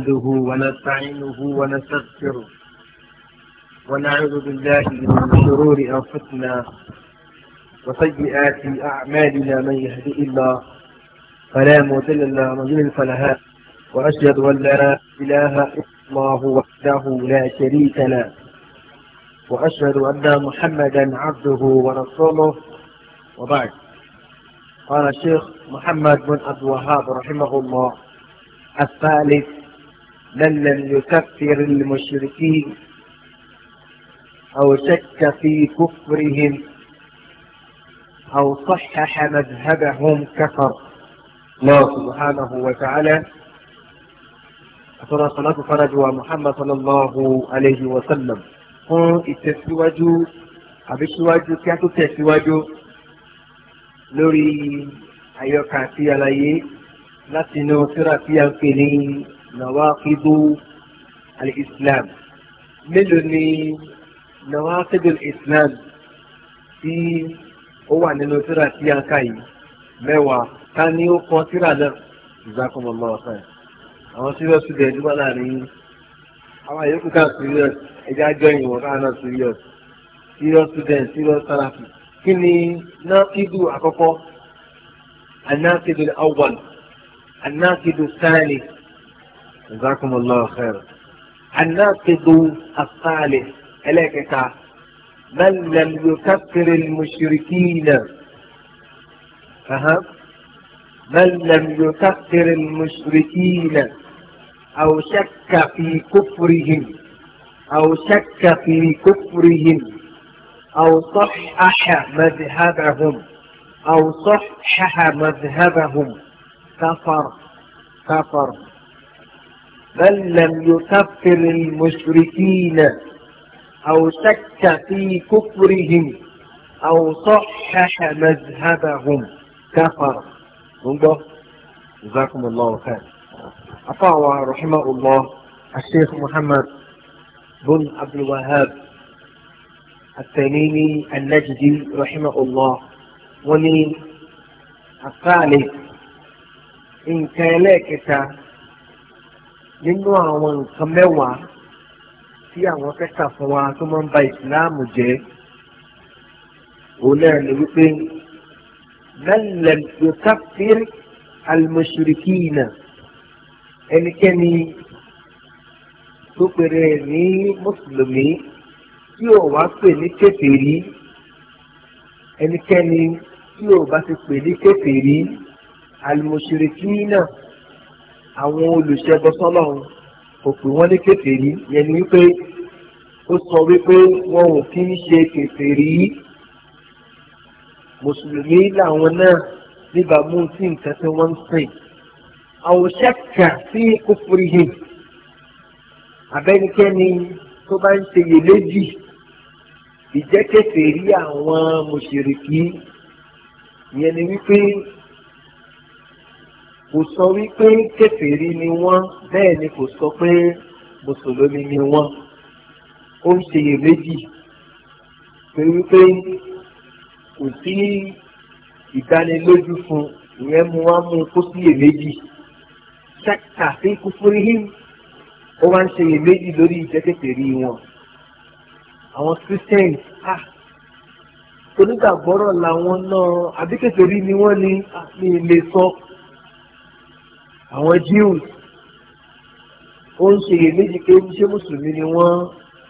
نحمده ونستعينه ونستغفره ونعوذ بالله من شرور أنفسنا وسيئات أعمالنا من يهدئ الله فلا مضل له ومن يضلل فلا هادي وأشهد أن لا إله إلا الله وحده لا شريك له وأشهد أن محمدا عبده ورسوله وبعد قال الشيخ محمد بن عبد الوهاب رحمه الله الثالث من لم يكفر المشركين او شك في كفرهم او صحح مذهبهم كفر الله سبحانه وتعالى أثر صلاة فرج ومحمد صلى الله عليه وسلم هم أيوكا في علي لاتنو سرا في الكنين nàwákìdù alìsílám mélòó ni nàwákìdù alìsílám tí ó wà nínú tíra tí a ká yìí mẹ́wàá ká ní ó kọ tíra náà ìzákọ̀mọ̀mọ́ ọ̀sán àwọn serious student wà láàrin àwọn àyẹ̀kù ká serious ẹja jọyìn wọn ká náà serious serious student serious therapy kí ni nákìdù àkọ́kọ́ anákìdù awwal anákìdù sáàlì. جزاكم الله خيرا الناقد الصالح إليك من لم يكفر المشركين فهم من لم يكفر المشركين أو شك في كفرهم أو شك في كفرهم أو صحح مذهبهم أو صحح مذهبهم كفر كفر بل لم يكفر المشركين أو شك في كفرهم أو صحح مذهبهم كفر انظر جزاكم الله خير أطاع رحمه الله الشيخ محمد بن عبد الوهاب التميمي النجدي رحمه الله وني الثالث إن كان لك nínú àwọn nǹkan mẹ́wàá tí àwọn kẹ́kà fún wa tó máa ń ba ìsìláàmù jẹ́ òun náà ni wípé mẹ́lẹ̀ yòókàfíìr almushrikina ẹnikẹ́ni tó pèrè ní mùsùlùmí tí ò wá pè ní kèfèrí ẹnikẹ́ni tí ò bá ti pè ní kèfèrí almushrikina àwọn olùṣẹ́gun sọ́lọ́run kò pè wọ́n ní kèfèrí yẹn ni wípé ó sọ wípé wọn ò kí ń ṣe kèfèrí mùsùlùmí làwọn náà níbàámu sí nǹkan tí wọ́n ń sìn àwòṣẹ́kà sí kófòrìhìn abẹ́nikẹ́ni tó bá ń ṣe iyèméjì ìjẹ́kẹ̀fẹ̀ rí àwọn mùṣìríkí yẹn ni wípé kò sọ wípé kèfèrí ni wọ́n bẹ́ẹ̀ ni kò sọ pé mùsùlùmí ni wọ́n ó ń ṣiyèméjì pé wípé kò sí ìdánilójú fún ìyẹn mú wá mú kó síyèméjì ṣáka sí kúfúrihìm ó wá ń ṣiyèméjì lórí ìjẹ́kẹ̀kẹ̀rí wọn àwọn christian ah onígbàgbọ́rọ̀ làwọn náà àbíkẹ́kẹ̀rí ni wọ́n ní àfi lè sọ. So àwọn jíù ó ń ṣe iyèméjì pé ṣé mùsùlùmí ni wọ́n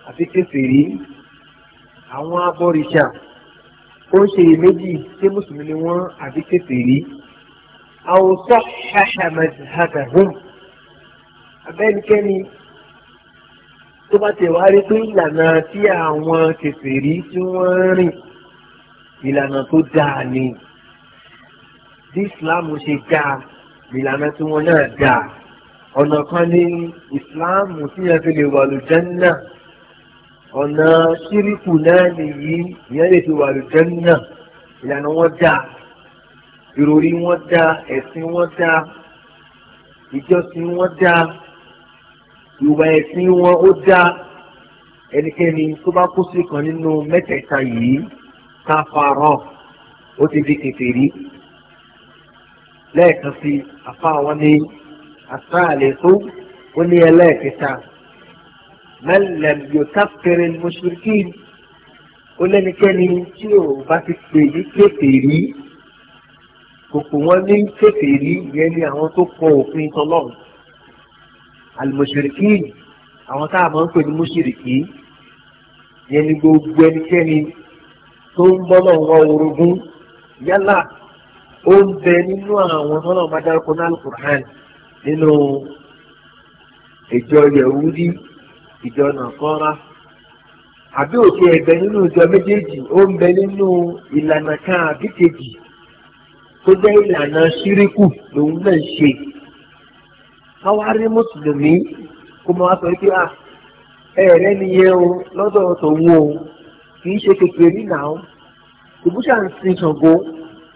àfi kèfèrí àwọn abọ̀rìṣà ó ń ṣe iyèméjì ṣé mùsùlùmí ni wọ́n àfi kèfèrí àwòsọ ṣàṣàmẹ̀hàdàhùn abẹ́nikẹ́ni tó bá tẹ̀ wá rí pé ìlànà tí àwọn kèfèrí tí wọ́n rìn ìlànà tó dáa ni bí Islam ṣe dáa ìlànà tí wọn náà dà ọ̀nà kan ní ìsìláàmù tí yẹn fi lè wà lùjẹ́nà ọ̀nà ṣíríkù náà nìyí ìyẹn lè fi wà lùjẹ́nà ìlànà wọn dà ìròrí wọn dà ẹ̀sìn wọn dà ìjọsìn wọn dà ìwà ẹ̀sìn wọn ó dà ẹnikẹ́ni tó bá kó sí kan nínú mẹ́tẹ̀ẹ̀ta yìí káfárọ̀ ó ti di kèfèrí lẹ́ẹ̀kan sí àfa wọn ní àtàlẹ́kọ́ ó ní ẹlẹ́ẹ̀kẹta mẹ́lẹ̀m yóò káfẹ́rẹ́ mọ́ṣúrìkì ó lẹ́nikẹ́ni tí ò bá ti pè ní kèfèrí kòkò wọn ní kèfèrí yẹn ni àwọn tó kọ òfin tọlọ́run àlùmọ̀ṣúrìkì àwọn tá a máa ń pè ní mọ́ṣúrìkì yẹn ni gbogbo ẹnikẹ́ni tó ń bọ́ lọ́wọ́ orogún yálà ó ń bẹ nínú àwọn ọlọ́run bá náà alukur'an nínú ìjọ yahudi ìjọ nàkọ́ra àbí òkè ebe nínú ìjọ méjèèjì ó ń bẹ nínú ìlànà kan àbí kejì tó jẹ́ ìlànà ṣíríkù lòun náà ń ṣe káwárí mùsùlùmí kó máa sọ pé à ẹ̀rẹ́ nìyẹn o lọ́dọ̀ tòun o kì í ṣe kékeré ń sin ṣàngó.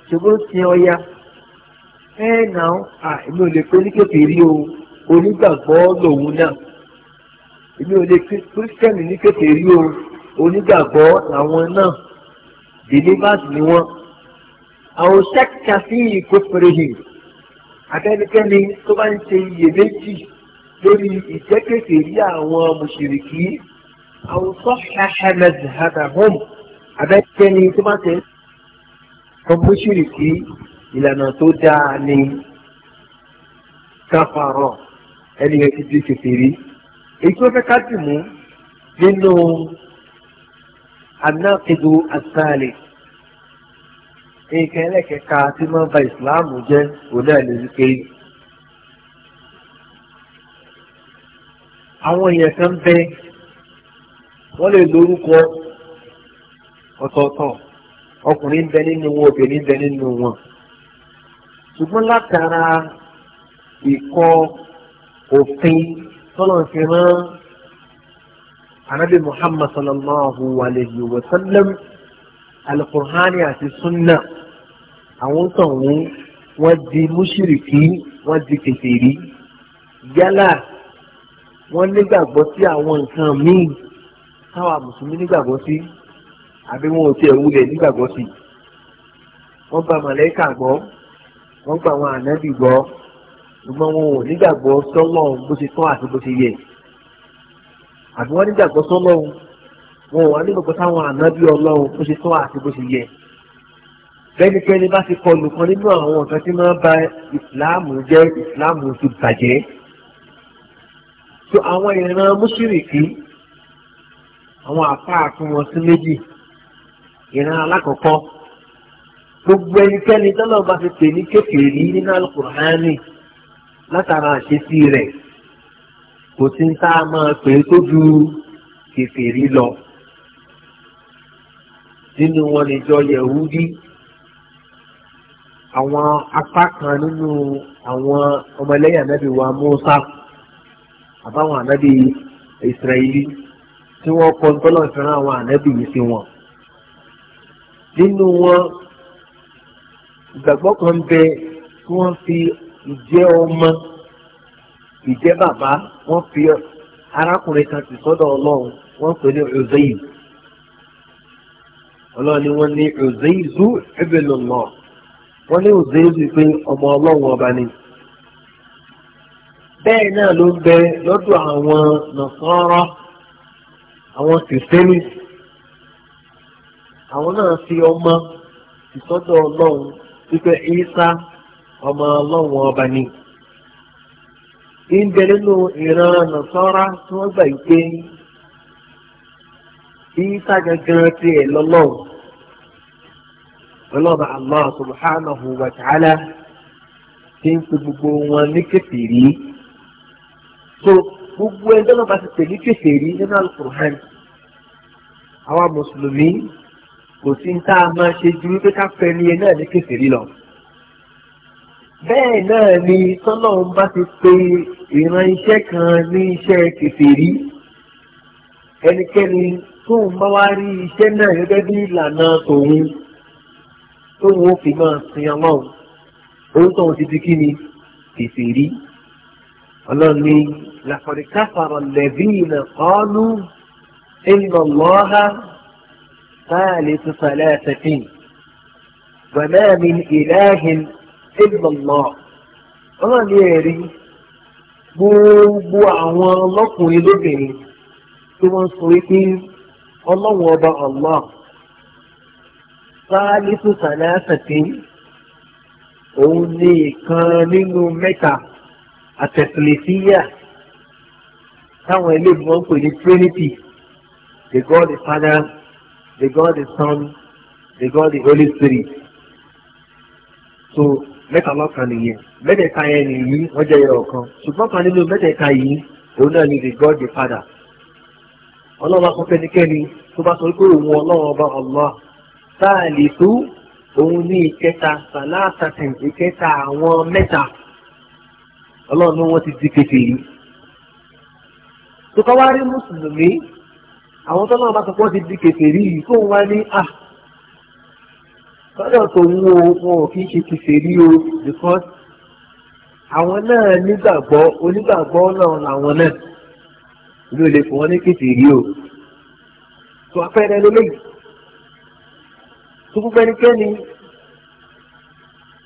ṣùgbọ́n sin ọya ẹ náà à èmi ò lè pé ní kékeré o onígbàgbọ́ lòun náà èmi ò lè pé kírísítẹ́nì ní kékeré o onígbàgbọ́ làwọn náà believers ni wọ́n àwọn sẹ́kítà sí ìkópèrèhìn àtẹnikẹ́ni tó bá ń ṣe iyèméjì lórí ìjẹ́kẹ̀kẹ̀rí àwọn mùsùlùmí àwọn sọ́ọ̀ṣà ẹ̀mẹ́sì àtàhùn àtẹnikẹ́ni tó bá ń ṣe wọ́n pé ṣìrìkí ìlànà tó dáa ni káfàárọ̀ ẹni yẹn ti di kékeré èyí tí wọ́n fẹ́ ká dì mú nínú anáàkìdù àtàlẹ̀ nǹkan ẹlẹ́kẹ̀ẹ́ka tí máa ń ba ìsìláàmù jẹ́ òun náà lè àwọn èèyàn kan bẹ wọ́n lè lórúkọ ọ̀tọ̀ọ̀tọ̀ ọkùnrin ń bẹ nínú wọn obìnrin ń bẹ nínú wọn ṣùgbọ́n látara ìkọ òfin tọ́lọ̀ fi rán anabi muhammad sallallahu alayhi wa sallam alukur'ani àti sunna àwọn sọ̀hún wọ́n di mùṣírìkì wọ́n di kèfèrí yálà wọ́n nígbàgbọ́ sí àwọn nǹkan míì táwa mùsùlùmí nígbàgbọ́ sí àbí wọn ò tiẹ̀ wulẹ̀ nígbàgbọ́ sí i wọ́n gba màlẹ́kà gbọ́ wọ́n gba àwọn ànábì gbọ́ ṣùgbọ́n wọn ò nígbàgbọ́ sọ́lọ́run bó ṣe tán àti bó ṣe yẹ àbí wọ́n nígbàgbọ́ sọ́lọ́run wọn ò wá nígbàgbọ́ sáwọn ànábì ọlọ́run bó ṣe tán àti bó ṣe yẹ bẹ́nikẹ́ni bá ti kọlù kan nínú àwọn nǹkan tí máa ń ìsìláàmù jẹ́ ìsìláàmù ti bàjẹ́ so àwọn ìran mùsùlùmí àwọn àpá àtúnwọ̀n sí méjì ìran alákọ̀ọ́kọ́ gbogbo ẹnikẹ́ni tọ́lọ́ bá fi pè ní kékeré nínú alukur'ani látara àṣesí rẹ̀ kò sí tá a máa pè é tó ju kékeré lọ nínú wọn níjọ yẹ̀wúdí àwọn apá kan nínú àwọn ọmọlẹ́yìn ànábì wa Mùsá àbáwọn ànábì Ìsírẹ́lì tí wọ́n kọ́ ń tọ́lọ̀ ìfẹ́ràn àwọn ànábì yìí sí wọn nínú wọn ìgbàgbọ́ kan bẹ tí wọ́n fi ìjẹ́ ọmọ ìjẹ́ bàbá wọ́n fi arákùnrin kan ti sọ́dọ̀ ọlọ́run wọ́n pè ní Uzair ọlọ́run ni wọ́n ní Uzair zu ẹ̀bẹ̀lọ̀ náà wọ́n ní Uzair zu pé ọmọ ọlọ́run ọba ni. bẹ́ẹ̀ náà ló ń bẹ lọ́dọ̀ àwọn nàṣọ́rọ́ àwọn kìrìsìtẹ́nì àwọn náà fi ọmọ ìsọ́dọ̀ ọlọ́run wípé ìsá ọmọ ọlọ́run ọba ni. ìbẹ̀ nínú ìran nàṣọ́ra tí wọ́n gbà pé ìsá gangan tiẹ̀ lọ́lọ́run. ọlọ́run Allah subhanahu wa ta'ala ti ń gbogbo wọn ní so gbogbo ẹjọ́ náà bá ti tẹ̀lé nínú al àwa mùsùlùmí. kò sí ń tá a máa ṣe ju wípé ká fẹ́ ní ẹ náà ní kèfèrí lọ. bẹ́ẹ̀ náà ni tọ́lọ́run bá ti pe ìran iṣẹ́ kan ní iṣẹ́ kèfèrí ẹnikẹ́ni tóun bá wá rí iṣẹ́ náà gẹ́gẹ́ bí ìlànà tòun tóun ó fi máa sin ọlọ́run òun tóun ti di kí ni kèfèrí ọlọ́run ní làkọ̀dé káfàrọ̀ lẹ́bí ìnà kọ́ọ́lù ìnà lọ́ha. ثالث ثلاثة وما من إله إلا الله ọlọ́run ní ẹ̀rí gbogbo àwọn ọlọ́kùnrin lóbìnrin tí wọ́n sọ wípé ọlọ́run ọba allah sáálísù sàlẹ́sàtì òun ní ìkan nínú mẹ́ta àtẹ̀sílẹ̀síyà táwọn ilé pè ní trinity the god the father they got the Son, they got the Holy Spirit. So mẹ́ta lọ́kàn nìyẹn mẹ́tẹ̀ẹ̀ta yẹn nìyí wọ́n jẹ́ yẹn ọ̀kan ṣùgbọ́n kan nínú mẹ́tẹ̀ẹ̀ta yìí òun náà the God the Father. ọlọ́run akọ́ fẹ́nikẹ́ni tó bá sọ pé òun ọlọ́run ọba Allah táà lè tó òun ní ìkẹta sàlátàtì ìkẹta àwọn ti di kékeré. tó àwọn tó náà bá sọ pé wọ́n ti di kèfèrí yìí tó ń wá ní à lọ́dọ̀ tó ń wo wọn ò kí ń ṣe kèfèrí o because àwọn náà nígbàgbọ́ onígbàgbọ́ náà làwọn náà mi ò lè fún wọn ní kèfèrí o tó apẹ́rẹ́ lélẹ́yìí tó gbogbo ẹnikẹ́ni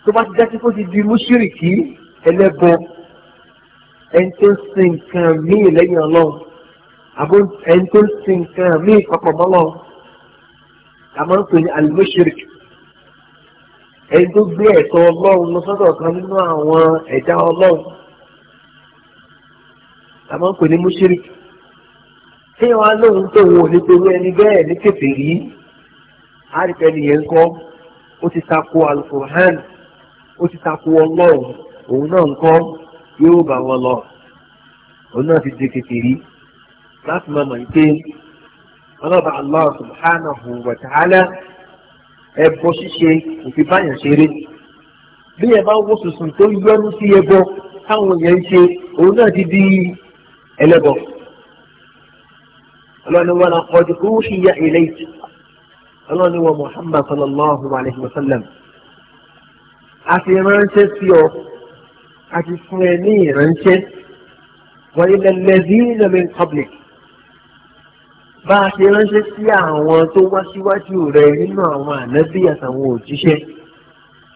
tó bá ti dájú kó ti di mùṣírìkí ẹlẹ́bọ ẹni tó ń sin nǹkan míì lẹ́yìn ọlọ́run àbó ẹni tó ń sin nǹkan míì papọ̀ mọ́lọ́ a máa ń pè ní alimushirik ẹni tó gbé ẹ̀tọ́ ọlọ́run lọ sọ́dọ̀ kan nínú àwọn ẹ̀dá ọlọ́run a máa ń pè ní mushirik tí wọn tó wọn ò ní pẹ̀lú ẹni bẹ́ẹ̀ ní kèfèrí á rí pẹ́ nìyẹn kọ́ ó ti tako alukur'an ó ti tako ọlọ́run òun náà ń kọ́ yóò bá wọn lọ òun náà ti di kèfèrí láti máa mọ̀ yìí pé ọlọ́ba Allah subhanahu wa ta'ala ẹbọ ṣíṣe kò fi báyàn ṣeré bí ẹ bá wó sùsùn tó yọnu sí ẹbọ táwọn èèyàn ń ṣe òun náà ti di ẹlẹ́bọ ọlọ́ni wọn náà kọjú kó wọ́n ṣìyà ilayka ọlọ́ni wọn Muhammad sallallahu alayhi wa sallam a ti ránṣẹ́ sí ọ a ti fún ẹ ní ìránṣẹ́ wọ́n ilẹ̀ lẹ́dí public bá a ṣe ránṣẹ́ sí àwọn tó wá síwájú rẹ nínú àwọn ànábì àtàwọn òjíṣẹ́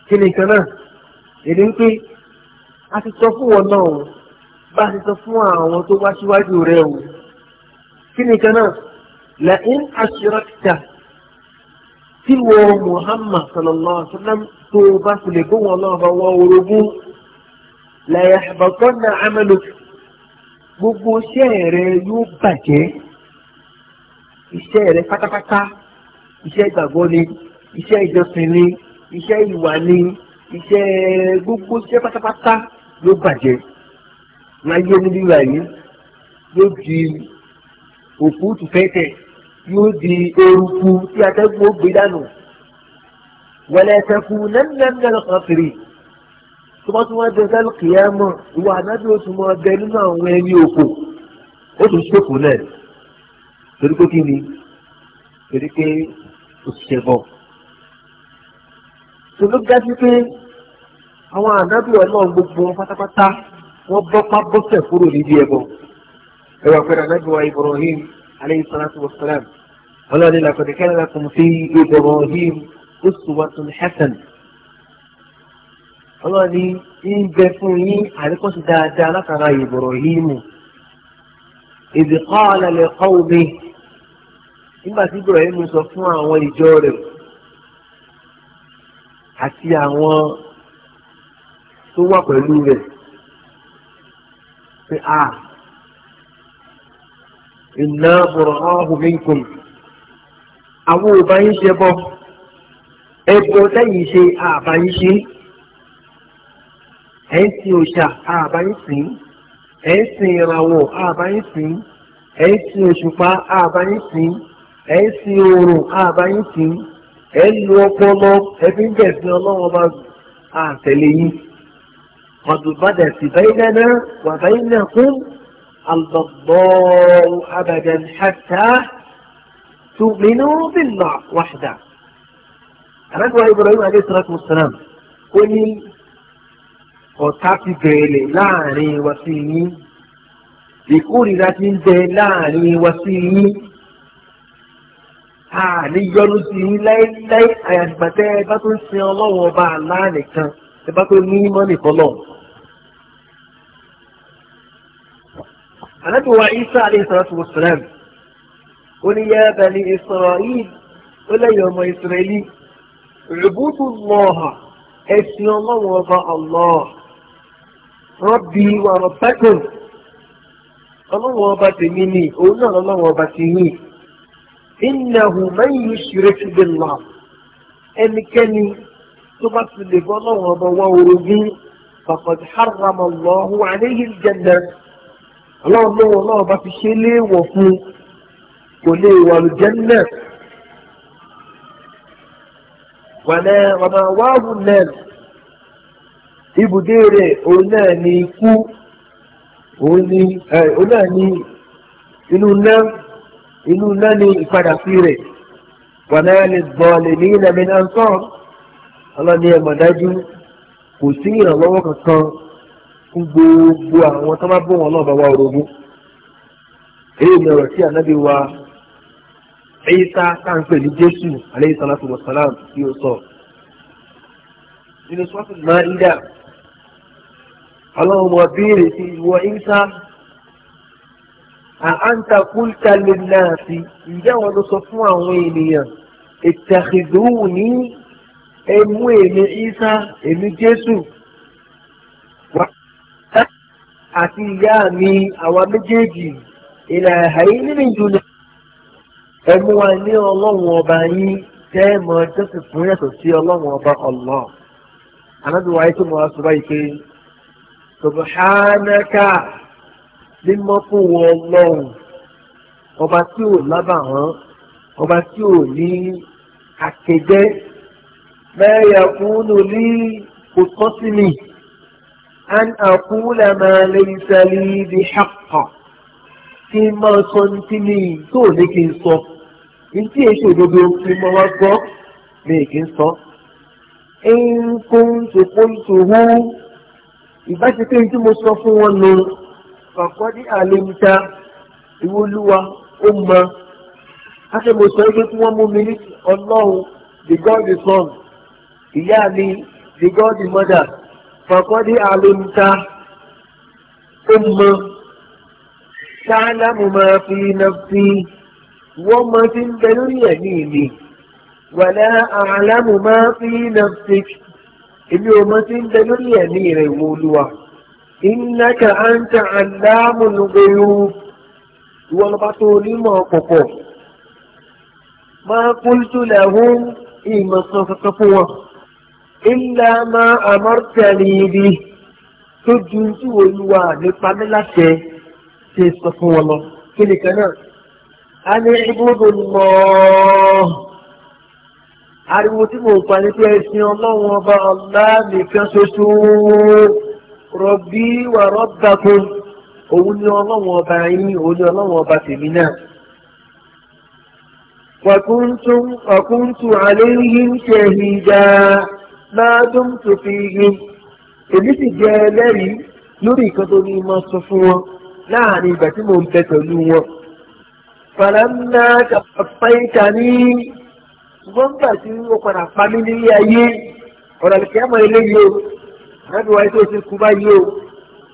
kí ni kan náà èdè ń pé a ti sọ fún wọn náà o bá a ti sọ fún àwọn tó wá síwájú rẹ o kí ni kan náà la'in ashirakta tí wọ́n Muhammad sallallahu alaihi wa sallam tó bá fi lè gbóhùn ọlọ́run bá wọ́n orogún la yahbatanna amaluk gbogbo iṣẹ́ rẹ yóò bàjẹ́ iṣẹ́ rẹ pátápátá iṣẹ́ ìgbàgbọ́ ni iṣẹ́ ìjọsìn ni iṣẹ́ ìwà ni iṣẹ́ gbogbo iṣẹ́ pátápátá ló bàjẹ́ láyé níbí wà yìí yóò di òkú tùfẹ́tẹ̀ yóò di eruku tí atẹ́gùn ó gbé dànù wọlé ẹsẹ̀kù nẹ́mínẹ́mínẹ́ lọ́kàn fèrè tó bá tún wá dé sẹ́lù kìí ẹ̀ mọ̀ ìwà ànábì ó tún ọbẹ̀ nínú àwọn ẹni òkò ó tún ṣòkò náà torí pé kí ni torí pé òṣìṣẹ́ bọ̀. tó ló dá sí pé àwọn ànábì ọlọ́run gbogbo pátápátá wọ́n bọ́pá bọ́sẹ̀ kúrò níbi ẹ̀bọ. ẹ̀wà pẹ̀lú ànábì wa Ibrahim aleyhi salatu wa salam ọlọ́run ilà kọ̀dé kẹ́lẹ́ la kùn sí Ibrahim uswatun hasan. ọlọ́run ní ń bẹ fún yín àríkọ́sí dáadáa látara Ibrahim. إذ قال لقومه nígbà tí Ibrahim sọ fún àwọn ìjọ rẹ̀ àti àwọn tó wà pẹ̀lú rẹ̀ pé a inna bura'ahu minkum àwọn ò bá yín ṣe bọ́ ẹbọ lẹ́yìn ṣe àbá yín ṣe ẹ̀ ń sin òòṣà àbá yín sìn ẹ̀ ń sin ìràwọ̀ àbá yín sìn ẹ̀ ń sin òṣùpá àbá yín sìn ẹ̀ ń sin oòrùn àbáyín sí ẹ̀ ń lo ọpọlọ ẹbí ń bẹ̀sìn ọlọ́run ọba àtẹ̀lé yín ọ̀dùnbàdà sì báyìí dáná wà báyìí náà fún àlọ́gbọ́ọ̀rù abàdà ṣáṣá tùmínú bìnnà wàṣdà. àrẹ́gbẹ̀wá Ibrahim alayhi salatu wasalam ó ní ọ̀tá ti bẹ̀rẹ̀ láàrin wa sí yín ìkórìíra ti ń bẹ láàrin wa sí yín àníyọ́nú sí i láéláé àyàgbà tẹ́ ẹ bá tó ń sin ọlọ́run ọba àlá nìkan ẹ bá tó ní mọ́ nìkan lọ. àlejò wa isa alayhi salatu wa salam ó ní yá bani israel ó lẹ́yìn ọmọ israeli rìbútù lọ́ọ̀hà ẹ̀sìn ọlọ́run ọba allah rabbi wa rabbakum ọlọ́run ọba tèmi ni òun náà ọlọ́run ọba ti yín innahu man yushrik billah ẹnikẹ́ni tó bá ti lè bọ́ lọ́wọ́ ọba wa orogún faqad harrama Allahu alayhi al-jannah ọlọ́run lọ́wọ́ ọlọ́run bá fi ṣe léèwọ̀ fún kò lè wà lùjẹ́nà wàlẹ́ ọ̀nà wàhù náà ibùdó rẹ̀ òun náà ní ikú òun ní inú náà inú náà ni ìpadà sí rẹ̀ wàlẹ́ lè gbọ́ lè ní ilẹ̀ mi náà sọ̀rọ̀ ọlọ́ni ẹ̀ mọ̀dájú kò sí ìrànlọ́wọ́ kankan fún gbogbo àwọn tó bá bọ̀ wọn náà bá wà orogún èyí ni ọ̀rọ̀ tí ànábì wa Ìsá káńpẹ̀ ní Jésù alayhi salatu wa salam tí ó sọ nínú sọ́kùnrin máa ń dà ọlọ́run mọ̀ bí èrè sí ìwọ Ìsá àǹtà kúlta lè náà sí ǹjẹ́ wọn ló sọ fún àwọn ènìyàn ìtàkìdúwù ní ẹmú èmi Ìsá èmi Jésù àti ìyá mi àwa méjèèjì ìlà àyè nínú ìjùlọ ẹmú wa ní ọlọ́run ọba yín tẹ́ ẹ mọ jésù fún yàtọ̀ sí ọlọ́run ọba Allah anábìwáyé tó mọ wá sọ báyìí pé subhanaka mímọ́ fún wọn ọlọ́run ọba tí ò lábàwọ́n ọba tí ò ní àkẹjẹ́ mẹ́rẹ̀ kúnnù ní kò tọ́ sí mi an àkúlẹ̀ máa lè sẹ́lẹ̀ ibi ṣàpọ̀ kí n máa sọ ní kí ni tó ní kí n sọ ní tí èso òdodo fi mọ́ wá gbọ́ mi kì í sọ. ń kó ń ṣe ń ṣòwò ìbáṣepé tí mo sọ fún wọn lò kọ̀kọ́ ní àlèmíta ìwọlúwa ó mọ akẹ́kọ̀ọ́ sọ pé kí wọ́n mú mi ní ọlọ́run the god the son ìyá mi the god the mother kọ̀kọ́ ní àlèmíta ó mọ sálámù máa fi nàfi wọ́n mọ sí ń bẹ lórí ẹ̀mí mi wàlá àlámù máa fi nàfi èmi ò mọ sí ń bẹ lórí ẹ̀mí rẹ̀ wọ́n innaka anta allamul ghuyub ìwọ lọ́ba tó onímọ̀ pọ̀pọ̀ máa qultu lahum ìmọ̀sán kankan fún wọn illa ma amartani bi tó ju tí olúwa nípa mi láṣẹ ṣe sọ fún wọn lọ kí nìkan náà a ní ibùdó lọ ariwo tí mo pa ní pé ẹsìn ọlọ́run ọba ọ̀la nìkan ṣoṣo rọ̀bí wà rọ́bàkùn òun ni ọlọ́wọ́n ọba yín òun ni ọlọ́wọ́n ọba tèmi náà. وكنتم وكنت عليهم شهيدا ما دمت فيهم èmi sì jẹ́ ẹlẹ́rìí lórí nǹkan tó ní máa sọ fún wọn láàrin ìgbà tí mò ń bẹ pẹ̀lú wọn. fàlámà kàfáìtà ní ṣùgbọ́n nígbà tí ó padà pa mí nílé ayé ọ̀rọ̀ àlùkẹ́ àmọ́ eléyìí o ànábì wáyé tó ti kú báyìí o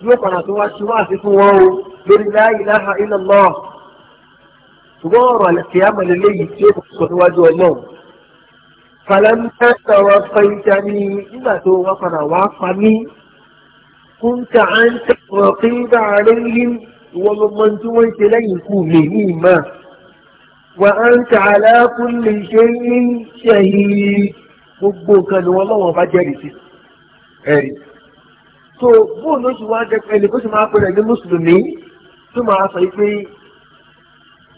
yóò padà tó wá sí wá sí fún wọn o lórí la ilaha illallah ṣùgbọ́n ọ̀rọ̀ àlẹ́kẹ́ àmàlélé yìí tí ó sọ níwájú ọlọ́run fàlàǹtà wa fẹ́yìntà ní nígbà tó wá padà wá pa mí kúńtà á ń tẹ̀wọ̀ pé bá a rẹ̀ ń lé ìwọ tí wọ́n ṣe lẹ́yìn ikú mi ní ìmọ̀ wà á ń tà àlàáfún lè ṣe ń ṣẹ̀yìn gbogbo nǹkan ni wọ́n lọ́wọ́ bá jẹ́rìí ẹ̀rí so bóun ló ṣe wá jẹ ẹni kó ṣe máa pẹ̀lẹ́ ní mùsùlùmí tó máa sọ pé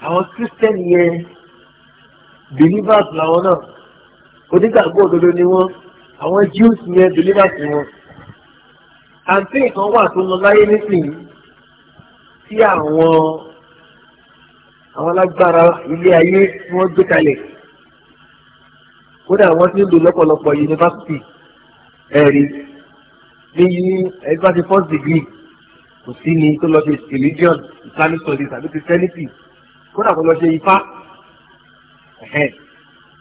àwọn christian yẹn believers làwọn náà onígbàgbọ́ òdodo ni wọ́n àwọn jews yẹn believers ni wọ́n àǹtí kan wà tó lọ láyé nísìnyí tí àwọn àwọn alágbára ilé ayé tí wọ́n gbé kalẹ̀ kódà wọ́n ti ń lò lọ́pọ̀lọpọ̀ yunifásitì ẹ̀rí ní ẹgbẹ́ ti first degree kò sí ni tó lọ ṣe religion islamic studies àbí christianity kódà kó lọ ṣe ifá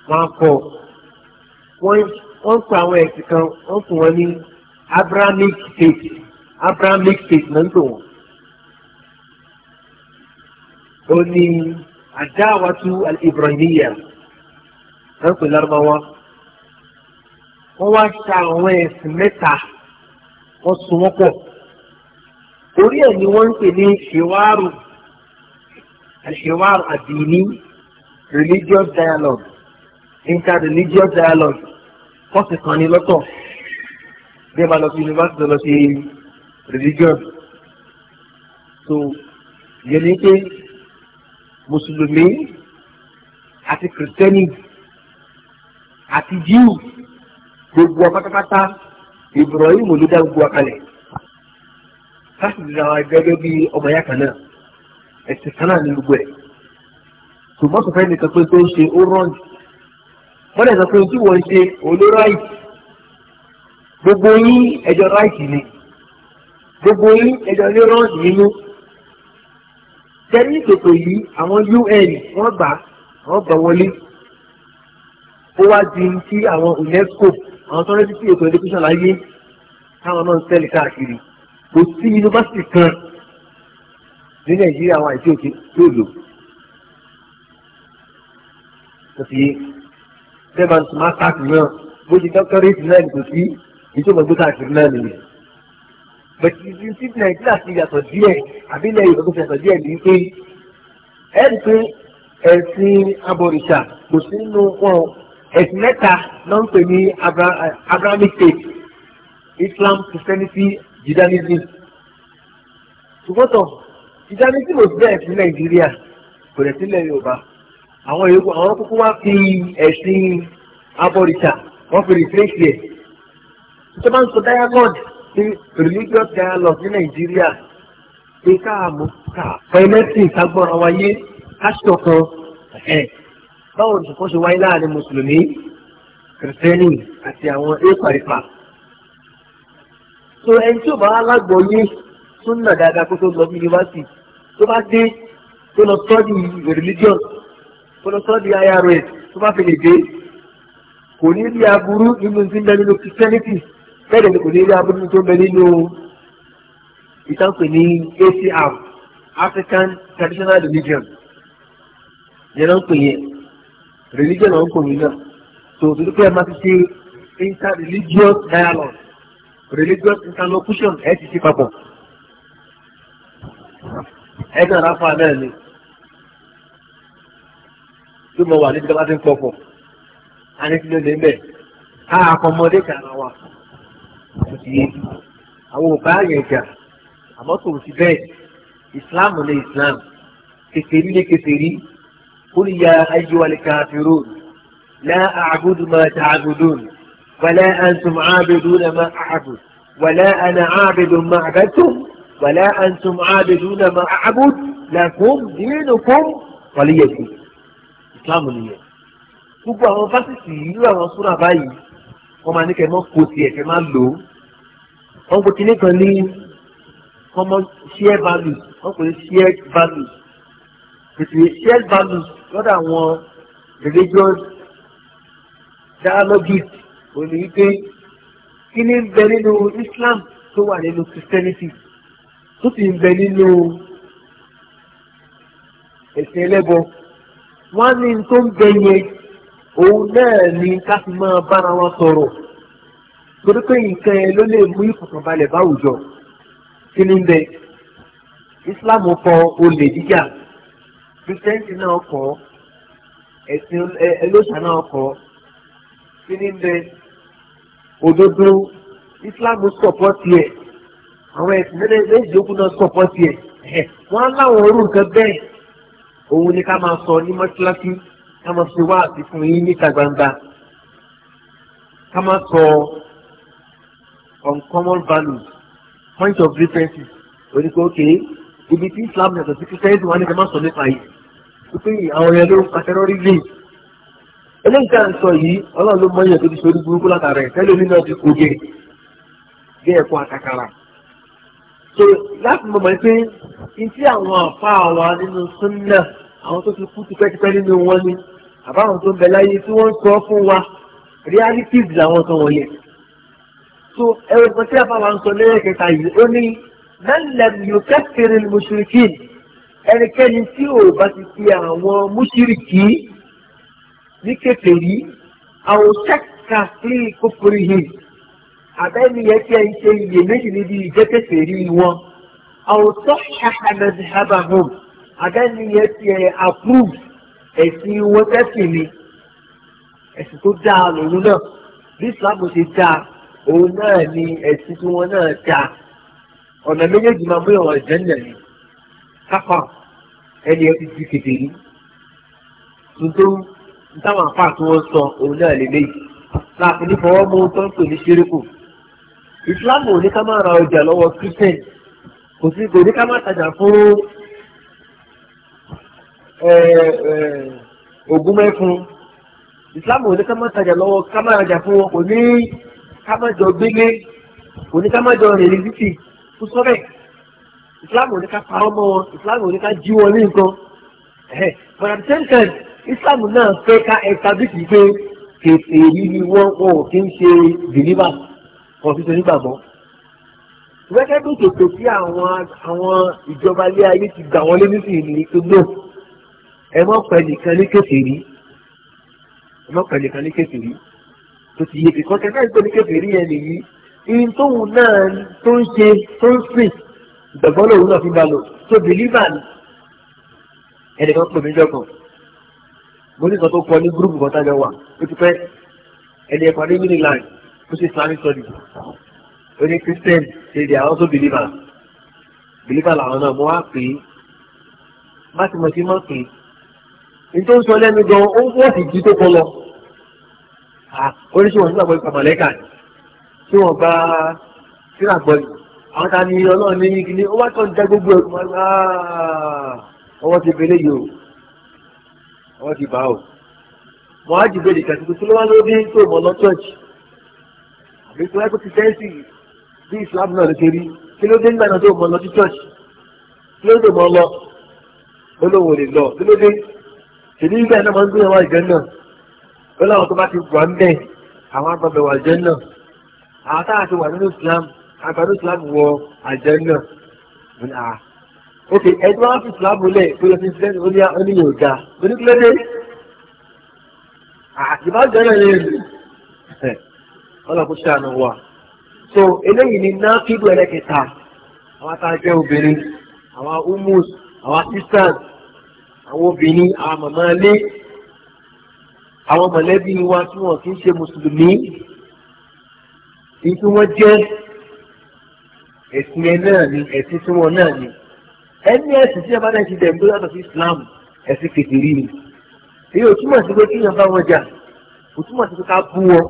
wọn kọ wọn ń pa àwọn ẹ̀sìn kan wọn fún wọn ní abrahamic faith abrahamic faith náà ń tò wọn. ó ní àdáwàtú al-ibrahimiyya náà ń pè lárúbáwá wọ́n wá ṣa àwọn ẹ̀sìn mẹ́ta wọ́n sun wọ́n pọ̀ orí ẹ̀ ni wọ́n ń pè ní ṣèwárù ṣèwárù àdìní religious dialogue interreligious dialogue kọ́ọ̀sì kan ní lọ́tọ̀ bí ẹ bá lọ sí yunifásitì lọ sí religion so yẹn ni pé mùsùlùmí àti kìrìtẹ́nì àti jíù gbogbo ọ Ibrahim ló dá gbogbo akalẹ̀ káàsì ti dára gẹ́gẹ́ bí ọmọ ìyá kan náà ẹ̀sìn kan náà ní gbogbo ẹ̀ ṣùgbọ́n sọ fẹ́ nìkan pé tó ń ṣe ó rọ́ọ̀nì wọ́n lè sọ pé tí wọ́n ń ṣe olóráìtì gbogbo yín ẹjọ́ ráìtì ni gbogbo yín ẹjọ́ ní rọ́ọ̀nì nínú tẹ́lí ìpètò yìí àwọn UN wọ́n gbà wọ́n gbà wọlé ó wá di ti àwọn UNESCO àwọn tó rẹ́jú sí ètò education láyé táwọn náà ń tẹ̀lé káàkiri kò sí yunifásitì kan ní nàìjíríà àwọn àìsí òkè tó lò kò sí seven smart tax náà bó ṣe doctorate náà kò sí ìjọba gbé káàkiri náà nìyẹn bẹ̀tì tí nàìjíríà ti yàtọ̀ díẹ̀ àbí ilẹ̀ yorùbá tó fi yàtọ̀ díẹ̀ ní pé ẹ̀rí pé ẹ̀sìn abọ̀rìṣà kò sí nínú wọn ẹ̀sìn mẹ́ta ló ń pè ní abrahamic faith islam christianity judaism ṣùgbọ́n tán judaism ò bẹ́ẹ̀ sí nàìjíríà kò dẹ̀ sílẹ̀ yorùbá àwọn yòókù àwọn kúkú wá fi ẹ̀sìn abọ́rìṣà wọ́n fi replace ẹ̀ tó bá ń sọ dialogue ní religious dialogue ní nàìjíríà pé káàmù ká fẹ́mẹ́sì ká gbọ́ra wáyé ká ṣọ̀kan ẹ̀ báwo ni kò ṣe wáyé láàrin mùsùlùmí kìrìsìtẹ́nì àti àwọn éèpàrìpà so ẹni tí ò bá alágbọ̀ọ́yé tó ń nà dáadáa kó tó lọ bí yunifásitì tó bá dé tó lọ sọ́ọ̀dì religion tó lọ sọ́ọ̀dì irs tó bá fi lè dé kò ní rí aburú nínú tí ń bẹ nínú christianity bẹ́ẹ̀ ni kò ní rí aburú tó ń bẹ nínú ìtànkù ní acr african traditional religion yẹn ló pè yẹn religion ló ń so torí pé ẹ máa ti interreligious dialogue religious interlocution ẹ ti ṣe papọ̀ ẹ kàn rà fún abẹ́rẹ́ ni tó mọ wà níbi tí wọ́n ti ń pọ̀pọ̀ àníkílẹ̀ lè ń bẹ̀ á àkọmọdé kàrà wa kò sí yé àwọn òkà àyẹ̀ ìjà àmọ́ kò sí bẹ́ẹ̀ Islam ní Islam kèfèrí ní kèfèrí. قل يا أيها الكافرون لا أعبد ما تعبدون ولا أنتم عابدون ما أعبد ولا أنا عابد ما عبدتم ولا أنتم عابدون ما أعبد لكم دينكم ولي دين إسلام نية gbogbo àwọn fásitì irú àwọn súra báyìí wọn máa ní kẹ mọ kó tiẹ̀ kẹ máa lò ó wọn kò kíní kan ní wọn share values wọn kò ní share values kò sí share values lọ́dọ̀ àwọn religious dialogists òní wípé kí ni ń bẹ nínú Islam tó wà nínú Christianity tó sì ń bẹ nínú ẹ̀sìn ẹlẹ́bọ wọ́n ní tó ń bẹ yẹn òun náà ni ká fi máa bára wọn sọ̀rọ̀ torí pé nǹkan ẹ ló lè mú ìfọ̀kànbalẹ̀ báwùjọ kí ni ń bẹ Islam kọ olè jíjà kristẹnti náà kọ ẹsìn ẹlòṣà náà kọ kí ni bẹ òdodo islam sọpọ́tì ẹ̀ àwọn ẹ̀sìn méjì yòókù náà sọpọ́tì ẹ̀ wọ́n á láwọn orú nǹkan bẹ́ẹ̀ òun ni ká máa sọ ní mọ́ṣáláṣí ká máa fi wá àfikún yín níta gbangba ká máa sọ uncommon values point of differences oníkókè ibi tí islam yàtọ̀ sí kíkẹ́ ẹ̀dùn wọn ni ká máa sọ nípa yìí pé àwọn yẹn ló ń pa tẹ́rọ́rìsì eléyìí tá à ń sọ yìí ọlọ́run ló mọ èèyàn tó ti sori burúkú látara tẹ́lẹ̀ nínú ọdún kò gé gé ẹ̀kọ́ àtàkàrà so láti mọ̀ mọ́ pé ntí àwọn àfa àwa nínú súnnà àwọn tó ti kú tipẹ́tipẹ́ nínú wọn ni àbáwọn tó ń bẹ láyé tí wọ́n ń sọ fún wa realities làwọn tó wọ̀nyẹ. so ẹ̀rọ kan tí àfa wa ń sọ lẹ́yìn yìí ó ní man lam yukaffiru ẹnikẹ́ni tí ò bá ti fi àwọn mùsírìkì ní kèfèrí àwọn ṣẹ́ka sí kókòrò yìí àbẹ́ni yẹn tí ẹ ń ṣe iyèméjì níbi ìjẹ́kẹ̀fẹ̀rí wọn àwọn tó ṣàkànnàdì habahom àbẹ́ni yẹn tí ẹ approve ẹ̀sìn wọn tẹ́sìn ni ẹ̀sìn tó dáa lòun náà bí Islam ṣe dáa òun náà ni ẹ̀sìn tí wọn náà dáa ọ̀nà méjèèjì máa mú ìwọ̀n ìjẹ́ nìyẹn kápá ẹni ẹ ti di kèké rí tuntun táwọn àpá tí wọ́n sọ òun náà lè léyìí láàfin ní fọwọ́ mú tó ń pè ní ṣerékù ìsìláàmù ò ní ká máa ra ọjà lọ́wọ́ kírísítẹ́n kò sí kò ní ká máa tajà fún ògún mẹ́fun ìsìláàmù ò ní ká máa tajà lọ́wọ́ ká máa rajà fún wọn kò ní ká máa jọ gbélé kò ní ká máa jọ rìn ní títì kó sọ́bẹ̀ islam ò ní ká parọ́ mọ́ wọn islam ò ní ká jí wọn nǹkan but at the same time islam náà fẹ́ ká establish pé kètè yìí ni wọ́n wọn ò kí ń ṣe believers wọn fi ṣe nígbàgbọ́ gẹ́gẹ́ bí kètè tí àwọn àwọn ìjọba ilé ayé ti gbà wọlé nísìnyí ni pé no ẹ mọ̀ pẹ̀ nìkan ní kètè rí ẹ mọ̀ pẹ̀ nìkan ní kètè rí tó ti yé kíkọ́ kẹfẹ́ ìgbẹ́ ní kètè rí yẹn nìyí ihun tóun náà tó ń ṣe tó ń sìn ìgbàgbọ́ lòun náà fi balò tó bìlíbà ni ẹnìkan pè mí jọkàn mo ní nǹkan tó kọ ní gúrúùpù kan tájọ wà ó ti pẹ́ ẹni ẹ̀kọ́ ní miniland ó sì islamic study ó ní christian ṣe di àwọn tó bìlíbà bìlíbà làwọn náà mo wá pè é má ti mọ̀ sí mọ̀ pè é ní tó ń sọ lẹ́nu gan ó wọ́n sì jí tó kọ lọ oríṣiríṣi wọn nígbàgbọ́ ìpàmọ̀lẹ́kà tí wọ́n bá síra gbọ́ àwọn ta ni ọlọ́run ní ní kíní ó wá tó ń jẹ́ gbogbo ẹ̀kú máa ń gbà ọwọ́ ti bẹ̀rẹ̀ yìí o ọwọ́ ti bá o mo á jù bẹ̀rẹ̀ kàtúkù tí ló wá lóde tó mọ̀ lọ chọ́ọ̀chì àbí tó ẹ̀kú ti tẹ́sí bí Islam náà ló ṣe rí kí ló dé nígbà náà tó mọ̀ lọ sí chọ́ọ̀chì kí ló dé mọ̀ lọ ó lóun ò lè lọ kí ló dé ṣèlú ìgbà náà máa ń gbé wọn ìjẹ náà ó láwọn tó bá ti wà ń bẹ̀ àwọn àgbàbẹ̀ wà ìjẹ náà àwọn táà ti wà nínú Islam àgbàdo islam wọ àjẹ náà mo ní à ok ẹni wọn fi islam lẹ tó yẹ fi sílẹ̀ ó ní ó ní yóò dáa mo ní kílódé jẹ náà yẹn lù ọlọ́kùn ṣàánú wa so eléyìí ni nákìdù ẹlẹ́kẹta àwọn atajẹ́ obìnrin àwọn umus àwọn sisters àwọn obìnrin àwọn màmá ilé àwọn mọ̀lẹ́bí wa tí wọ́n kì í ṣe mùsùlùmí èyí jẹ́ ẹ̀sìn yẹn náà ni ẹ̀sìn tí wọn náà ni ẹni ẹ̀sìn tí ẹ̀bá náà ti dẹ̀ ń bóyá lọ́sí Islam ẹ̀sìn kékeré ni èyí ò túmọ̀ sí pé kí yẹn bá wọn jà kò túmọ̀ sí pé ká bú wọn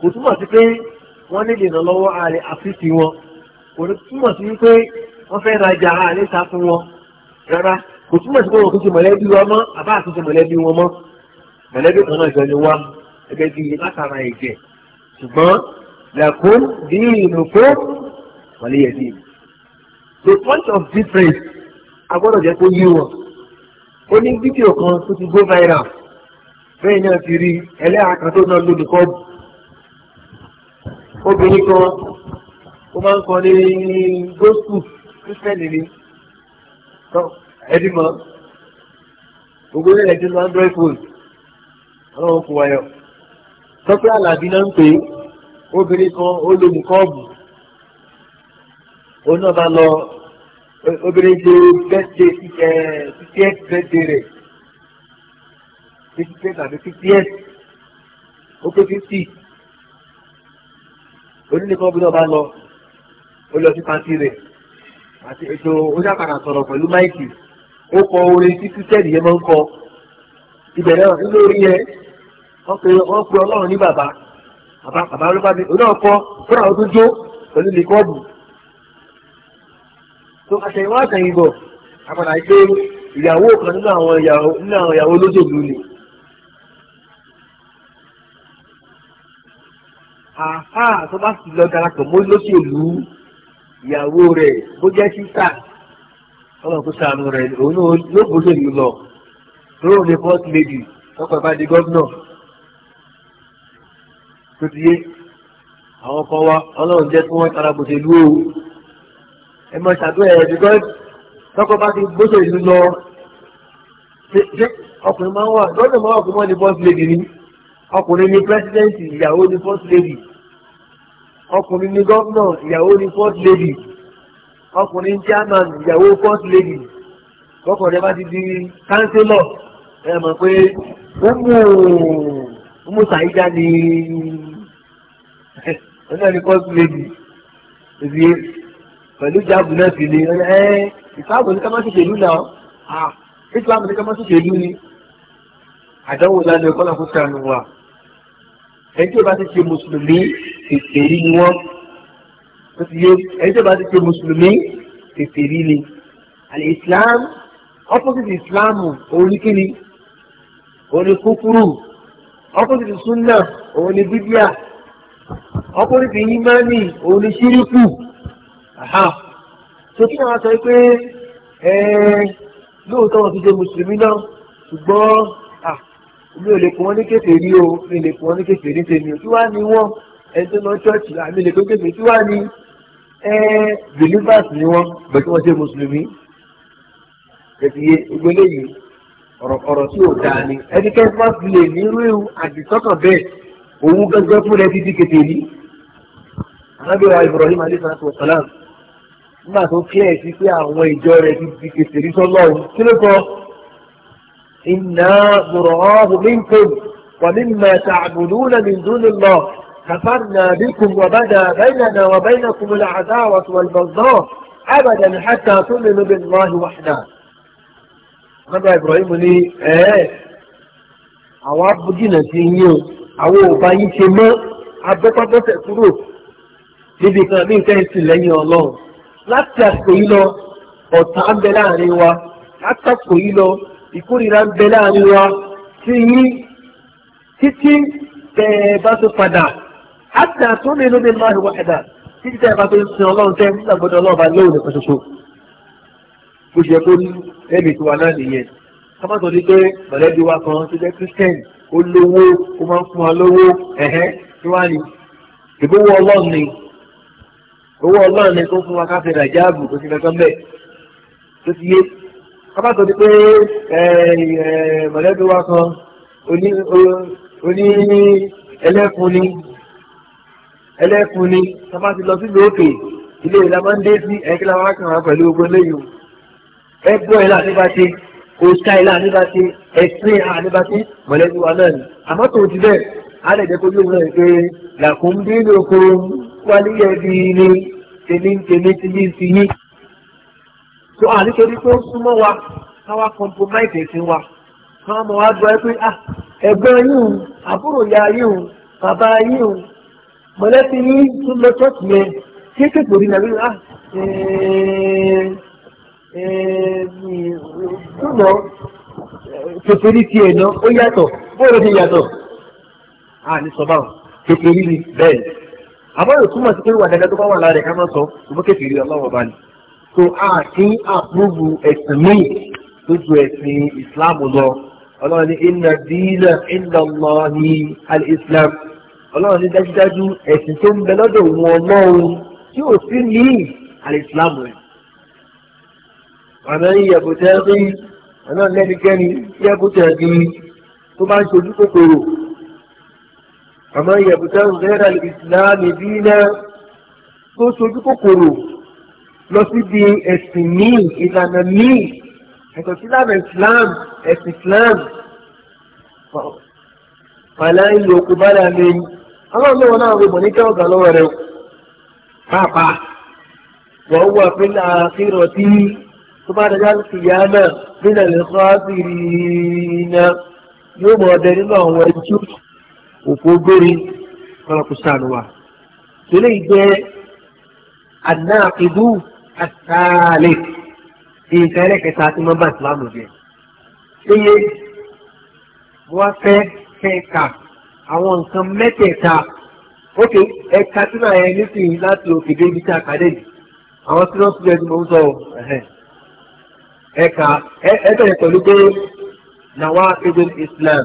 kò túmọ̀ sí pé wọ́n lè dènà lọ́wọ́ ààrẹ àfíìsì wọn kò túmọ̀ sí pé wọ́n fẹ́ rajà ààrẹ ta fún wọn rárá kò túmọ̀ sí pé wọn kò ṣe mọ̀lẹ́bí wọn mọ́ àbá àtúnṣe mọ̀lẹ́bí wọn mọ́ mọ̀lẹ́bí kan náà jọ ni wá ẹgbẹ́ bíi látara ẹ̀jẹ̀ ṣùgbọ́n lẹ́kùn dín ìlú fún wàlẹ́ yẹn sí. the point of difference agbọ́dọ̀ jẹ́ kó yé wọn. ó ní fídíò kan tó ti go viral bẹ́ẹ̀ náà ti rí ẹlẹ́yà kan tó náà lólùkọ́ obìnrin kan ó máa ń kọ́ ní gospel christian ni ẹni mọ́ gbogbo ní ẹ̀jẹ̀ ló android phone ọlọ́run kò wáyọ̀ sọ pé alábí náà ń pè é obìnrin kan ó lo nìkọ́ọ̀bù òun náà bá lọ obìnrin ṣe bẹ́ẹ̀dẹ̀ fifty eight bẹ́ẹ̀dẹ̀ rẹ̀ fifty eight àbí fifty eight ó pé fifty onílẹ̀kọ́ obìnrin náà bá lọ ó lọ sí pàǹtí rẹ̀ àti ètò oníkàkàrà sọ̀rọ̀ pẹ̀lú máìkì ó kọ orin tí kristẹni yẹn máa ń kọ ibẹ̀ náà nínú orin yẹn wọ́n pe wọ́n pe ọlọ́run ní bàbá bàbá bàbá ló bá mi fúnra òun jó pẹ̀lú lèkọ́ọ̀bù tó àtẹ̀yìnwá àtẹ̀yìnbọ̀ àpàdà pé ìyàwó kan nínú àwọn ìyàwó nínú àwọn ìyàwó olóṣèlú ni. àhá tó bá sì lọ darapọ̀ mọ́ olóṣèlú ìyàwó rẹ̀ bó jẹ́ títà ọmọ kó sànù rẹ̀ òun yóò bó ṣèlú lọ lórí òun ni first lady ọkọ̀ bá di gómìnà tó ti yé àwọn kan wá ọlọ́run jẹ́ kí wọ́n tara bó ṣe ẹ mọ ṣàdúrà ẹ because tọkọ bá ti gbóṣe ìlú lọ ṣe ọkùnrin máa ń wà lọ́dọ̀ máa wà fún ní first lady ni ọkùnrin ní president ìyàwó ní first lady ọkùnrin ní governor ìyàwó ní first lady ọkùnrin chairman ìyàwó first lady ọkùnrin bá ti di councillor ẹ mọ̀ pé ó mú ṣàyíjá ní ọ̀nà ní first lady pẹ̀lú jáàbù náà sì ni ẹ ìsáàbù ní ká má ṣèṣe ìlú náà à ìsáàbù ní ká má ṣèṣe ìlú ni àdánwò lánàá ẹ̀kọ́ náà kó sànù wa ẹni tí ó bá ti ṣe mùsùlùmí ètèrí ni wọ́n ó ti yé ẹni tí ó bá ti ṣe mùsùlùmí ètèrí ni àlè islam opposite islam òun ni kíni òun ni kúkúrú opposite sunna òun ni bíbíà opposite imani òun ni ṣíríkù so kí ni wọ́n sọ pé lóòótọ́ wọn ti ṣe mùsùlùmí náà ṣùgbọ́n mi ò lè kó wọn ní kékeré o mi ò lè kó wọn ní kékeré tèmi o tí wàá ní wọn ẹni tó lọ ṣọ́ọ̀ṣì àmì lè kó kékeré tí wàá ní believers ni wọn bẹ̀tí wọ́n ṣe mùsùlùmí kẹ̀kẹ́ ìgbélé yìí ọ̀rọ̀ tí ò dáa ni ẹni kẹ́kọ́ fi lè nírú ewu àdìsọ́kàn bẹ́ẹ̀ òun gẹ́gẹ́ fún ẹ títí kékeré alábẹ́wà Ibrahim alayhi salatu wa salam nígbà tó kílẹ̀ sí pé àwọn ìjọ rẹ̀ ti di kèsè rí sọ́lọ́run kí ló sọ iná mùrọ̀ọ́hùn minkum wà mímọ̀ ta'buduna min dunillah كفرنا بكم وبدا بيننا وبينكم العداوة والبغضاء أبدا حتى تؤمنوا بالله وحده Bàbá Ibrahim ní ẹ̀ẹ́ àwọn abújìnà ti yín o, àwọn òbá yín ṣe mọ́ abẹ́pápẹ́sẹ̀ kúrò níbi kan ní ìtẹ́sí lẹ́yìn Ọlọ́run láti àsìkò yìí lọ ọ̀tá ń bẹ láàrin wa látàkò yìí lọ ìkórìíra ń bẹ láàrin wa sí yín títí tẹ ẹ bá tó padà àti àtúndì ló ní máa ń wá ẹ̀dá títí tẹ ẹ bá tó ń sin ọlọ́run tẹ nígbà gbọdọ̀ ọlọ́run bá lóòrùn nìkan ṣoṣo bó ṣe kó ní ẹ̀mí tó wà náà nìyẹn kámátọ̀ ní pé mọ̀lẹ́bí wa kan tó jẹ́ kírísítẹ́nì ó lówó ó máa ń fún wa lówó ẹ̀hẹ́ tí wàá ní ìbówó ọlọ́run ni owó ọlọ́run ni tó fún wa káfí rà jáàbù tó ti fẹ́ kán bẹ́ẹ̀ tó ti yé kábàtọ̀ ni pé mọ̀lẹ́bí wa kan oní ẹlẹ́kùn ni ẹlẹ́kùn ni sábà ti lọ sílùú òkè ilé ìlà máa ń dé sí ẹ̀kí làwọn akàrà pẹ̀lú ogun lẹ́yìn ẹgbọ́n ìlà nípa ti òṣìṣà ìlà nípa ti ẹ̀sìn ìlà nípa ti mọ̀lẹ́bí wa náà ni àmọ́ tó ti bẹ́ẹ̀ á lè jẹ́ kó lóun náà pé làkúndínlókòó wálé yẹ bí ní tèmi ń tèmi ti yí ti yí. tó a nítorí pé ó súnmọ́ wa káwa compromise ẹ̀sìn wa káwa mọ̀ wá gbọ́ ẹ pé ah ẹ̀gbọ́n yìí ń àbúrò ya yìí ń bàbá yìí ń mọ̀lẹ́bí yìí tún lọ ṣọ́ọ̀tì yẹn kéékèèké orí nàbí ah túnbọ̀ kékeré tiẹ̀ náà ó yàtọ̀ bóòrò ti yàtọ̀ à ní sọ báwọn kékeré ni bẹ́ẹ̀ ni àbọ̀ yóò túmọ̀ sí pé ìwà dandan tó bá wà lára ẹ̀ ká má sọ ṣùgbọ́n kékeré ọlọ́wọ́ bá ní. so a kì í àpúrúvù ẹ̀sìn míì tó ju ẹ̀sìn islam lọ ọlọ́run ní inna dina inna Allahi al-islam ọlọ́run ní dájúdájú ẹ̀sìn tó ń bẹ lọ́dọ̀ wọn ọlọ́run tí ò sí ní al-islam rẹ̀. àmọ́ ìyẹ̀bùtẹ́ rí ọlọ́run lẹ́nikẹ́ni yẹ́bùtẹ́ rí tó bá ń ṣojú kòkòrò àmọ́ yẹ̀bùtẹ́ ńlẹ́rà ìsìláàmì bí iná tó sojú kòkòrò lọ síbi ẹ̀sìn míì ìlànà míì ẹ̀sìn síláàmù islam ẹ̀sìn islam fàlà ìlú òkú bá dà mí àwọn ọmọ wọn náà rògbòn ní kí ọgá lọ́wọ́ rẹ̀ pàápàá wọ́n wà fún àkírọ̀ tí tó bá dájá sí ìyá náà nínú ẹ̀lẹ́kọ́ àbìrì náà yóò mọ̀ ọ́ dẹ nínú àwọn ẹjú. òkú ogórí kọlọ́kù sànù wa. Tolè jẹ́ ànáàkìdú àtàlẹ̀ nǹkan ẹlẹ́kẹta tí wọ́n bá ìsìlámù jẹ. Ṣéyé wọ́n fẹ́ kẹ́ka àwọn nǹkan mẹ́tẹ̀ẹ̀ta ókè ẹ̀ka tí náà yẹn nísìnyí láti òkè débi tí a kàdé yìí àwọn tí wọ́n ti lẹ́nu mọ̀ sọ ẹ̀ka ẹ̀ẹ́dẹ̀rẹ̀ Islam.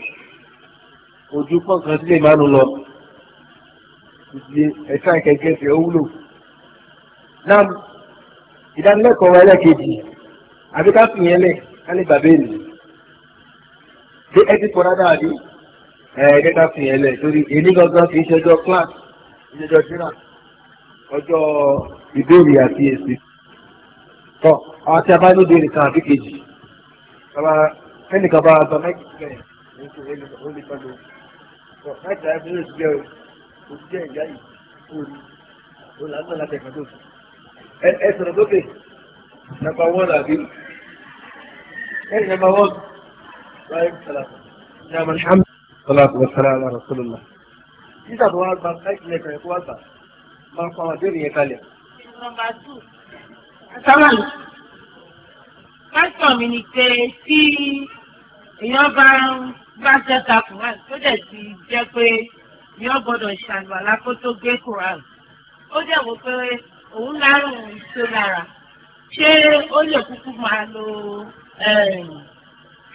ojú kọ̀ọ̀kan sílẹ̀ ìmánu lọ ẹ̀ka ìkẹ̀kẹ́ fẹ́ ó wúlò. náà ìdánilẹ́kọ̀ọ́ wa ẹlẹ́kejì àbí ká fìyẹn lẹ̀ ká lè bàbá èlì. ṣé ẹ ti pọ̀ dáadáa àbí ẹ̀ẹ́dẹ́ ká fìyẹn lẹ̀ torí èmi gangan kì í ṣe ọjọ́ class ìṣèjọ́ síra ọjọ́ ìbéèrè àti èsì. tọ́ àwọn tí a bá ní ìbéèrè kan àbí kejì ẹnìkan bá a gbọ́ mẹ́kì bẹ́ẹ̀ ní kí ó lè mẹ́ta ẹgbẹ́ ló ti jẹ́ o kò jẹ́ ìyá yìí kò rí o là ń lọ láti ẹ̀kan tó sùn. ẹ sọ̀rọ̀ lókè nàmbà wọ́n àbí ẹ nàmbà wọ́n báyìí sàlà nàmbà sàmì. sọláàtù wa sàlà àlà rasulùlá. títà tó wá gba káìsì lẹ́kàn ẹ̀kọ́ wá gbà máa kọ́ àwọn àdéhùn yẹn kalẹ̀. nọmba tù sábà pásítọ̀ mi ni pé tí èèyàn bá ń bá fẹ́ ka quran tó dẹ̀ ti jẹ́ pé yóò gbọ́dọ̀ ṣàlùwàlá kó tó gbé quran ó dẹ̀ wò pé òun lárùn iṣó lára ṣé ó lè kúkú máa lo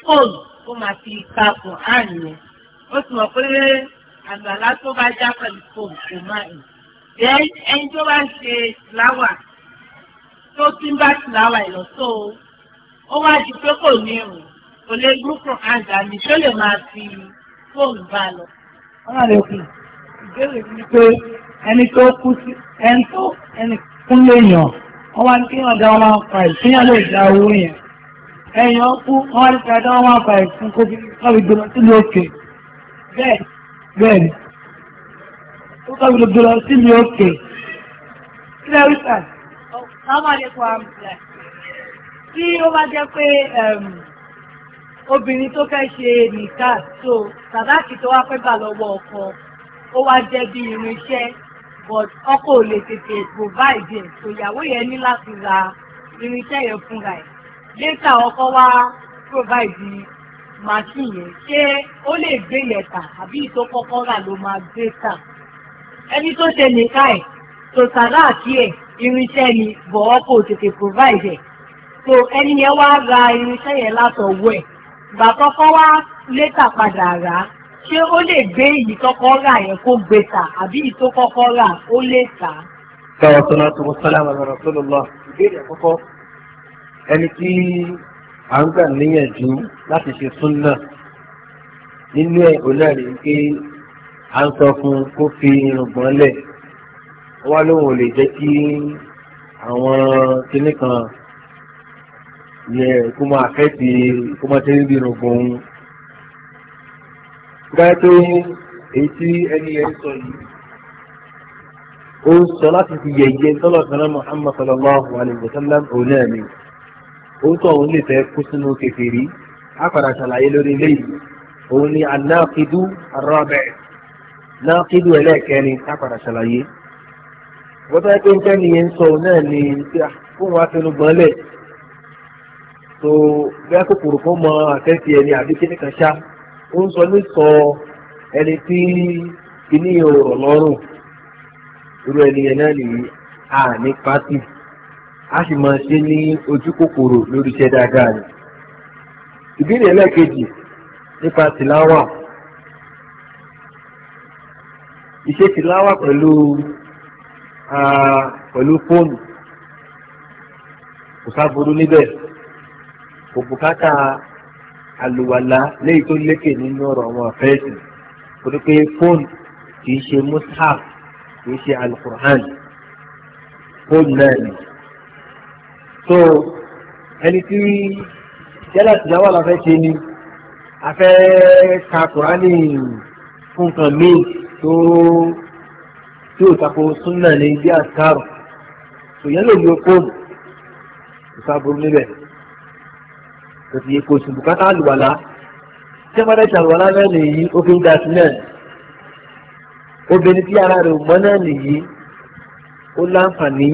fóònù kó máa fi ka quran yẹn ó sì mọ̀ pé àlùwàlá tó bá já pẹ̀lú fóònù kò má ẹ̀ then ẹni tó bá ṣe láwà tó tún bá ṣe láwà ó wá di pé kò ní ìrùn kò lè gúnkùn àgbà ní tó lè máa fi fóònù bá lọ. ọ̀nà rẹ̀ kù ìbéèrè mi pé ẹni tó kú sí ẹni tó ẹni kún lè yàn wọ́n wá ní kí wọ́n dá wọn máa fa ìpínyà lè dá owó yẹn ẹ̀yàn kú wọ́n wá ní kí wọ́n dá wọn máa fa ìfún kó fi kọ́ fi gbọ́dọ̀ sílùú òkè bẹ́ẹ̀ bẹ́ẹ̀ ni ó kọ́ fi gbọ́dọ̀ sílùú òkè sílẹ̀ wípà. ọ̀sán máa lè kó àmì tí ó bá jẹ́ pé um, obìnrin tó fẹ́ ṣe nìkà so sàdáàkì tó wá fẹ́ gbà lọ́wọ́ ọkọ ó wá jẹ́ bí irinṣẹ́ but ọkọ ò lè tètè provide ẹ̀ so ìyàwó yẹn ní láti ra irinṣẹ́ yẹn fúnra ẹ̀ later ọkọ wá provide machine yẹn ṣé ó lè gbé lẹ́tà àbí ìtò kọ́kọ́ rà ló máa gbé tà ẹni tó ṣe nìkà ẹ̀ so sàdáàkì ẹ̀ irinṣẹ́ ni but ọkọ ò tètè provide ẹ̀ so ẹni yẹn wá ra irinṣẹ́ yẹn látọwọ́ ẹ̀ ìgbà tọ́kọ́ wá létà padà rà á ṣé ó lè gbé ìyí tọ́kọ́ rà yẹn kó gbé tà àbí ìyí tó kọ́kọ́ rà ó lè tà. sọ̀rọ̀ tó náà tó mú sálámà lọ́rọ̀ tó lò lọ ìbéèrè àkọ́kọ́ ẹni tí à ń gbà níyànjú láti ṣe súnà nínú ẹ̀ òun náà rèé pé à ń sọ fún kó fi irùngbọ̀n lẹ̀ wọ́n lóun ò lè jẹ́ kí àwọn kinní kan yẹ kó máa fẹ́ ti kó máa tẹ́lẹ̀ bí irungbọ̀n òun. gbáyé pé èyí tí ẹni yẹn sọ yìí ó ń sọ láti fi yẹ̀yẹ́ tọ́lọ̀tọ́lọ́ Muhammad sallallahu alayhi wa sallam òun náà ni ó tọ́ òun lè fẹ́ kó sínú kèfèrí á padà ṣàlàyé lórí léyìí òun ni anáàkidú arọ́bẹ̀ náàkidú ẹlẹ́ẹ̀kẹrin á padà ṣàlàyé. wọ́n pé ń tẹ́ni yẹn sọ òun náà ni fún wa fẹnu gbọ́n lẹ̀ So, bẹ́ẹ̀ kòkòrò kan mọ àtẹ́tì ẹni àbí kíní kan ṣá ó ń sọ ní sọ ẹni tí kíní ọ̀rọ̀ lọ́rùn irú ẹni yẹn náà nìyí a ní pátì a sì máa ṣe ní ojú kòkòrò lórí iṣẹ́ dáadáa ni. ìbéèrè ẹlẹ́ẹ̀kejì nípa tìláwà iṣẹ́ tìláwà pẹ̀lú pẹ̀lú fóònù kò sábòrò níbẹ̀ kò bùkátà àlùwàlá léyìí tó lékè nínú ọ̀rọ̀ àwọn àfẹ́sì torí pé fóònù kì í ṣe mushaf kì í ṣe alukur'an fóònù náà ni. so ẹni tí yálà tìjáwá la fẹ́ ṣe ni a fẹ́ ka kùránì fún kan míì tó tí ò tako súnà ní bí àṣàrò so yálà ní o fóònù kò sábò níbẹ̀ kò sì yẹ kó sì bùkátà àlùwàlá tí wọ́n bá dẹ̀ ṣàlùwàlá náà nìyí ó fi ń ga sí náà obìnrin tí ara rẹ̀ mọ́ náà nìyí ó láǹfààní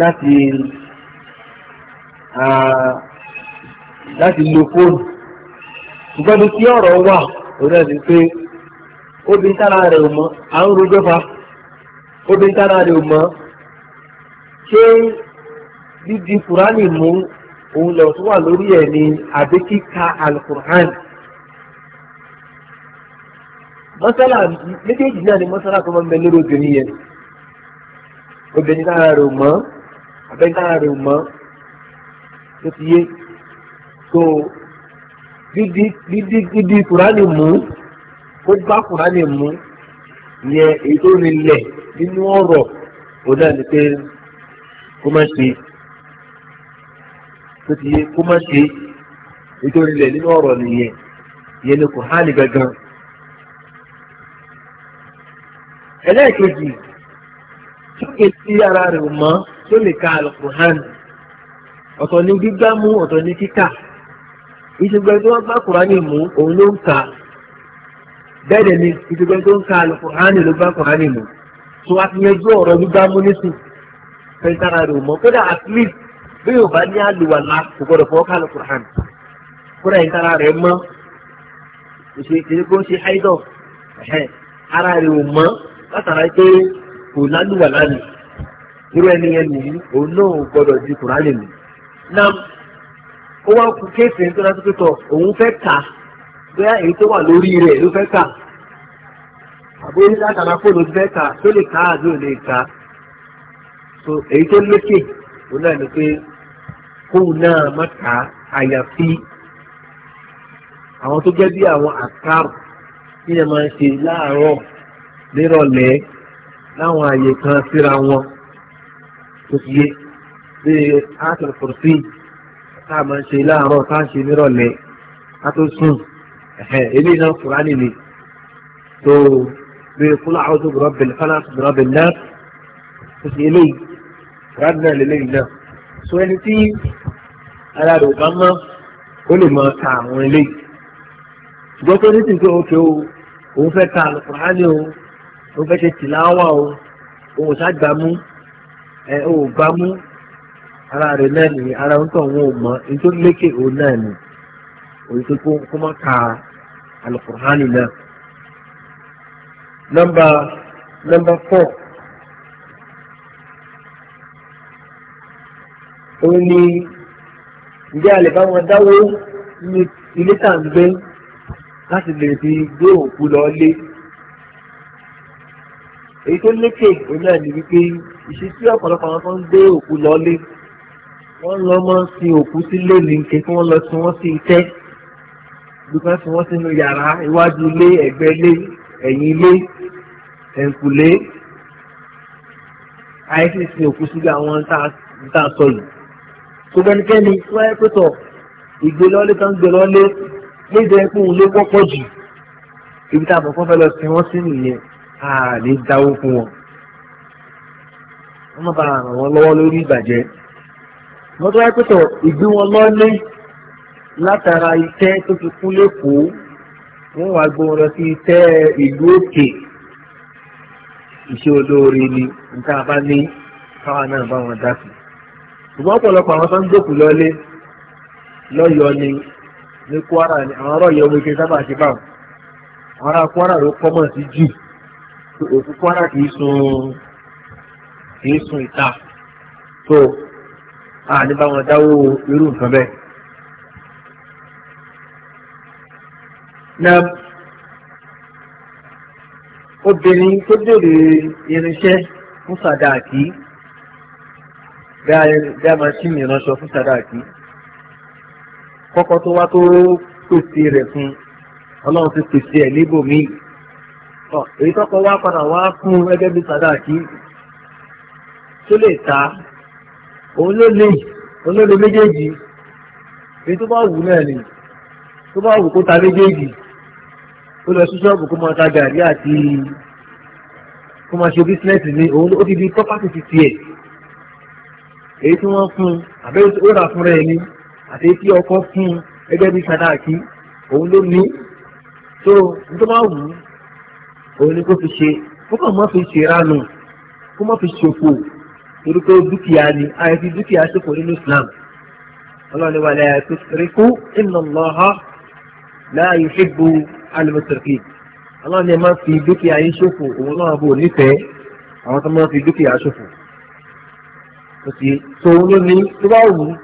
láti láti lo fóònù ṣùgbọ́n ní kí ọ̀rọ̀ wà òun náà ni pé obìnrin tára rẹ̀ mọ́ à ń rojọ́ fa obìnrin tára rẹ̀ mọ́ ṣé dídi Kùránì mú òun lọ tó wà lórí ẹ̀ ní àbí kíka alukur'an mọ́sálà méjèèjì náà ni mọ́sálà tó máa ń bẹ lórí obìnrin yẹn obìnrin náà rò mọ́ abẹ́ni náà rò mọ́ tó ti yé so dídí kùránì mú kó gbá kùránì mú yẹ èyí tó rinlẹ̀ nínú ọ̀rọ̀ òun náà ni pé kó má ṣe tó ti yé kó má ṣe nítorí ilẹ̀ nínú ọ̀rọ̀ nìyẹn ìyẹn ni kò hánì gangan. ẹlẹ́ẹ̀kejì sókè tí ara rẹ̀ mọ́ tó lè ka alukur'an ọ̀tọ̀ ní gbígbámú ọ̀tọ̀ ní kíkà ìṣègùn tó wọ́n bá kùránì mú òun ló ń kà bẹ́ẹ̀ dẹ̀ ni ìṣègùn tó ń ka alukur'an ló bá kùránì mú tó wá fi yẹn gbọ́ ọ̀rọ̀ gbígbámú nísìn pẹ̀lú ara rẹ̀ mọ́ kódà at least bí yóò bá ní àlùwàlá kò gbọdọ̀ fọwọ́ kálù kùrán kúrò yín kára rẹ̀ mọ́ ara rẹ̀ ò mọ́ látara pé kò ni irú ẹni yẹn nìyí òun náà gbọdọ̀ di kùrán lè mí. nam ó wá kú kéèsì tó tọ̀ òun fẹ́ kà bóyá èyí tó wà lórí rẹ̀ ló fẹ́ kà àbó látara fóònù fẹ́ òun náà ni pé kóun náà má ta àyàfi àwọn tó jẹ́ bí àwọn àkàrò tí ẹ máa ń ṣe láàárọ̀ nírọ̀lẹ́ láwọn àyè kan síra wọn tó fi yé bí àtàlù kùrùsì tá a máa ń ṣe láàárọ̀ tá a ṣe nírọ̀lẹ́ ká tó sùn eléyìí náà Kùránì ni tó bí kúlọ̀ àwọn tó bùrọ̀ bẹ̀lẹ̀ fáláṣí bùrọ̀ bẹ̀lẹ̀ náà tó fi eléyìí rádìnà lélẹ́yìn náà so ẹni tí ara rẹ̀ bá mọ́ ó lè máa ta àwọn eléyìí ṣùgbọ́n tó ní tìǹtì òkè o òun fẹ́ ta àlùkùránì o òun fẹ́ ṣe tìláwà o òun ṣàgbàmú ẹ ò gbàmú ara rẹ̀ náà nìyí ara ń tọ̀ wọn ò mọ̀ nítorí lékè òun náà nìyí òyìnbó kó kó má ka alukur'ani náà. nọ́mbà nọ́mbà four. òun ni ǹjẹ́ a lè bá wọn dáwó ní ilé tá à ń gbé láti lè fi gbé òkú lọ lé èyí tó lékè òun náà ní wípé ìṣesí ọ̀pọ̀lọpọ̀ àwọn tó ń gbé òkú lọ lé wọ́n lọ mọ́ sin òkú sílé ní ike kí wọ́n lọ sin wọ́n sí itẹ́ dùkọ́ sin wọ́n sínú yàrá iwájú ilé ẹ̀gbẹ́ ilé ẹ̀yìn ilé ẹ̀ǹkùlé àìsí sin òkú sílé àwọn tá a sọ yìí gbogbo ẹnikẹ́ni wáyé pẹ́tọ̀ ìgbélọ́lé kan gbélọ́lé léde ẹkún ló wọ́pọ̀ jù ibi tá a bọ̀ fọ́fẹ́ lọ sí wọ́n sí nìyẹn a lè dáwó fún wọn. wọ́n má bàa ràn wọ́n lọ́wọ́ lórí ìbàjẹ́ wọ́n tó wáyé pẹ́tọ̀ ìgbé wọn lọ́lé látara iṣẹ́ tó fi kún lẹ́kọ̀ọ́ wọ́n wá gbé wọn lọ sí iṣẹ́ ìlú òkè iṣẹ́ olóore ni nǹkan abá ní káwa náà bá wọn dá sí ṣùgbọ́n ọ̀pọ̀lọpọ̀ àwọn tó ń jókòó lọ́lé lọ́yọ̀ọ́ ni ní Kwara ni àwọn ọ̀rọ̀ yẹ omi kí n sábà ṣe báwọn àwọn ará Kwara ló kọ́mọ̀ sí jù òkú Kwara kì í sun kì í sun ìta tó a ní bá dáwó irú nǹkan bẹ́ẹ̀. na obìnrin tó béèrè irinṣẹ́ fún sàdáàkì bí a máa ṣí ìránṣọ fún sàdáàkì kọ́kọ́ tó wá tó pèsè rẹ̀ fún ọlọ́run ti pèsè ẹ̀ níbòmíì èyí tọ́kọ wá padà wá fún gẹ́gẹ́ bí sàdáàkì tó lè ta òun ló lè òun ló lè méjèèjì èyí tó bá wù náà ni tó bá wù kó ta méjèèjì ó lọ sí ṣọ́ọ̀bù kó máa ta gàrí àti kó máa ṣe bísínẹ́sì ní òun ó ti di pọ́pátì ti tiẹ̀ èyí tí wọ́n fún un àbẹ́ ó rà fúnra ẹni àti èyí tí ọkọ fún un gẹ́gẹ́ bí sadaki òun ló ní tó nítorí wọ́n wù ú òun ni kó fi ṣe kó kàn má fi ṣe ránù kó má fi ṣòfò torí pé dúkìá ni àyẹ̀fi dúkìá ṣòfò nínú Islam ọlọ́ni wà láyà tó rikú inna Allaha la yuhibbu al-musrifin ọlọ́ni ẹ má fi dúkìá yín ṣòfò òun náà bò nífẹ̀ẹ́ àwọn tó má fi dúkìá ṣòfò kò sí tòun ló ní tó bá wù ú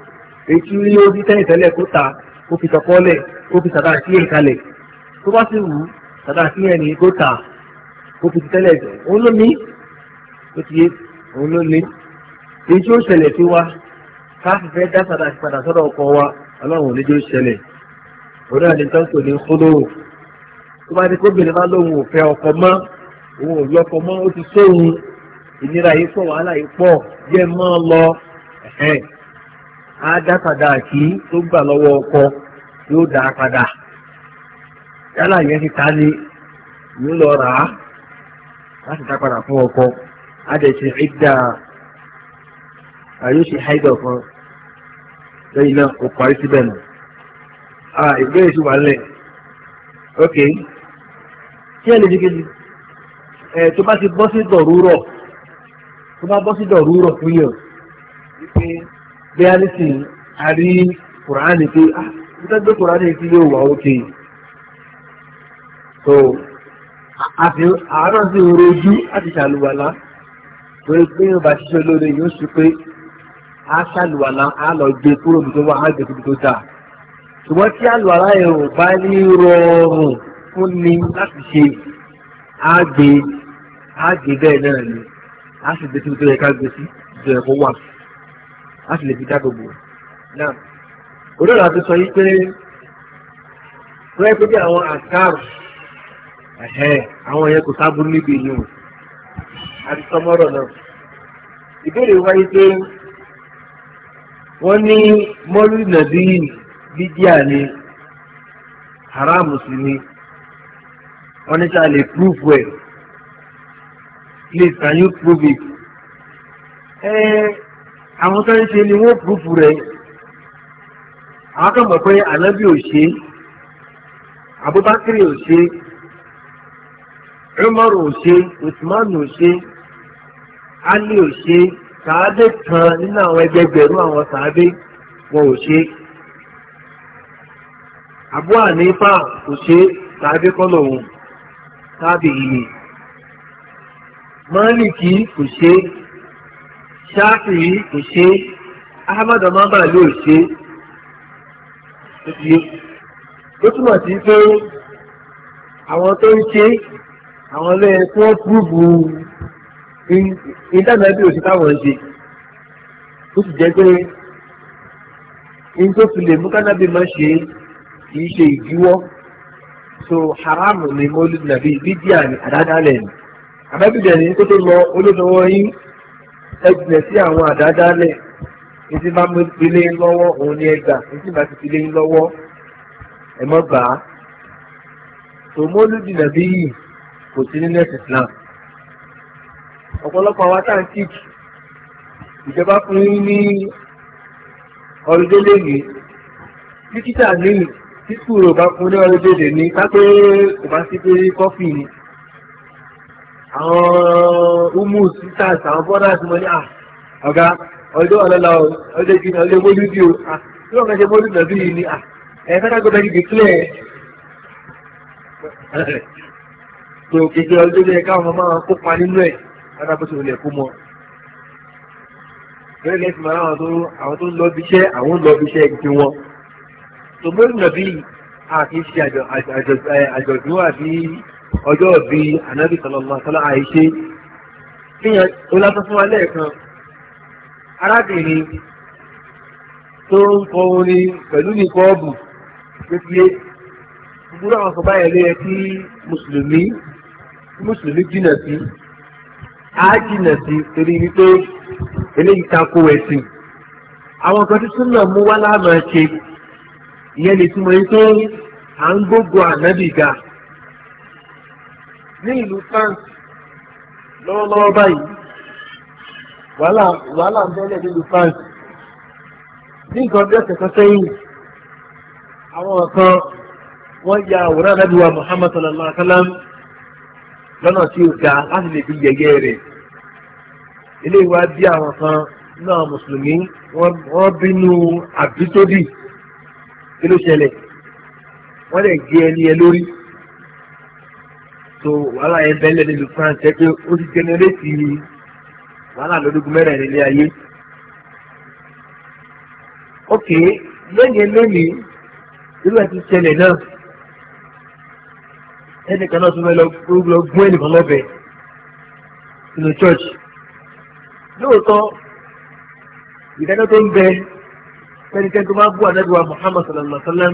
èyí tí ó di tẹ́yìn tẹ́lẹ̀ kó ta kó fi tọkọ́lẹ̀ kó fi sàdá sí ìkalẹ̀ tó bá sì wù ú sàdá sí ẹni kó ta kó fi tẹ́lẹ̀ jọ òun ló ní kò sí òun ló ní èyí tí ó ṣẹlẹ̀ sí wa káfí fẹ́ dá sàdá sí padà sọ́dọ̀ ọkọ wa ọlọ́run ò ní jẹ́ ó ṣẹlẹ̀ òun àti tọ́sọ̀ ní kólóò tó bá ti kóbìnrin bá lóun ò ọkọ mọ́ òun ò ìnira yìí pọ̀ wàhálà yìí pọ̀ jẹ́ mọ́ lọ á dá padà kí tó gbà lọ́wọ́ ọkọ yóò dá padà yálà yẹn ti ta ni ń lọ láti dá fún ọkọ á dẹ̀ ṣe ìdá àyóṣe lẹ́yìn náà kò parí síbẹ̀ nù. tó bá bọ́ sí dọ̀rú rọ̀ fún yàn wípé bí a ní sìn a rí kùránì pé ah mo fẹ́ gbé kùránì sí yóò wà ókè so àárọ̀ sí orojú láti ṣàlùwàlá torí pé yóò bá ṣiṣẹ́ olóore yóò ṣe pé a ṣàlùwàlá a lọ gbé kúrò bí tó wà á gbé kúrò tó dáa ṣùgbọ́n tí àlùwàlá yẹn ò bá ní rọrùn fún ni láti ṣe àgbè àgbè bẹ́ẹ̀ náà ni a sì gbé síbi tó yẹ ká gbé sí tó yẹ kó wà a sì lè fi dáàbò bò náà olóòrò àti sọ yí pé wọ́n yẹ pé bí àwọn àkàrò àwọn yẹn kò sábúrú níbi ìlú àti sọmọ́rọ̀ náà ìbéèrè wáyé pé wọ́n ní mọ́lú nàbí bídíà ni haramu sí ni wọ́n ní sáà lè púrúfù ẹ̀. please can you prove it àwọn tó ṣe ni wọ́n púrúfù rẹ̀ àwọn kan mọ̀ pé ànábì ò ṣe abubakar ò ṣe umar ò ṣe usman ò ṣe ali ò ṣe sàádé kan nínú àwọn ẹgbẹgbẹ̀rún àwọn sàádé wọn ò ṣe abu kọlọ òun sábì yìí mọ́lìkì kò ṣe ṣáàfìrí kò ṣe ahmed ọmọbàlú ò ṣe ó túmọ̀ sí pé àwọn tó ń ṣe àwọn lẹ́yìn tí wọ́n púrúfù ìdáná bí òṣì táwọn ń ṣe ó sì jẹ́ pé ní tó fi lè mú kánábì máa ṣe kì í ṣe ìdíwọ́ so haram ni mọ́lìkì nàbí bídíà ni àdádálẹ̀ ni. àbẹ́bìdẹ̀ ni kó tó lọ olóṣòwò yín ẹgbẹ̀ sí àwọn àdádálẹ̀ ètí máa mú ilé lọ́wọ́ òun ní ẹgbà ètí máa ti ilé lọ́wọ́ ẹ̀mọ́ gbà á yìí kò sí nínú ẹ̀sìn Islam ọ̀pọ̀lọpọ̀ àwọn atlantic ìjọba fún yín ní ọlọ́dẹ́lẹ́ yìí dókítà ní tí sùúrù bá fún àwọn umu sisters àwọn brothers mo ní à ah, ọ̀gá ọjọ́ ọ̀lọ́lá o ọjọ́ ìgbìmọ̀ ọjọ́ mólúdì o à ah, tí wọ́n fẹ́ ṣe mólúdì lọ́dún yìí ni à ah, ẹ̀ fẹ́ dágbọ́dọ̀ ti declare tó kékeré ọjọ́ ilé ẹ̀ka ọmọ máa kópa nínú ẹ̀ adábọ́sọ̀ olè kó mọ́ bẹ́ẹ̀ lẹ́sìn máa àwọn tó àwọn tó ń lọ bíṣẹ́ àwọn ń lọ bíṣẹ́ ti wọn tó mólúdì lọ́dún yìí àti ṣe àjọ̀dún ọjọ́ bí anábì sọlọ́lá sọlá àìṣe fihàn olásán fún wa lẹ́ẹ̀kan arábìnrin tó ń kọ orin pẹ̀lú nìkan ọ̀bù pépé gbogbo àwọn sọ̀bá yẹn ló yẹ kí mùsùlùmí mùsùlùmí jìnà sí á jìnà sí torí wípé eléyìí tako ẹ̀sìn àwọn kan tó súnmọ̀ mú wá láàmú ẹ̀ ìyẹn lè túmọ̀ yín pé à ń gbógun ànábì ga. ní ìlú France lọ́wọ́lọ́wọ́ báyìí wàhálà wàhálà ń bẹ́lẹ̀ nílùú France ní nǹkan bí ọ̀sẹ̀ kan sẹ́yìn àwọn kan wọ́n ya àwòrán anábìwá Muhammad sallallahu alayhi wa sallam lọ́nà tí ó ga láti lè fi yẹ̀yẹ́ rẹ̀ eléyìí wá bí àwọn kan mùsùlùmí wọ́n bínú kí ló ṣẹlẹ̀ wọ́n lè gé so wàhálà yẹn bẹ́ẹ̀ lẹ́nu ìlú France ẹ pé ó ti jẹnẹrétì wàhálà lọ́dún mẹ́rẹ̀ẹ̀rin ilé ayé. ok lẹ́yìn eléyìí irú ẹ̀ ti ṣẹlẹ̀ náà ẹnìkan náà tún fẹ́ lọ gún ẹnìkan lọ́bẹ̀ nínú church lóòótọ́ ìdájọ́ tó ń bẹ fẹ́nikẹ́ni tó máa bú ànábì wa Muhammad sallallahu alayhi wa sallam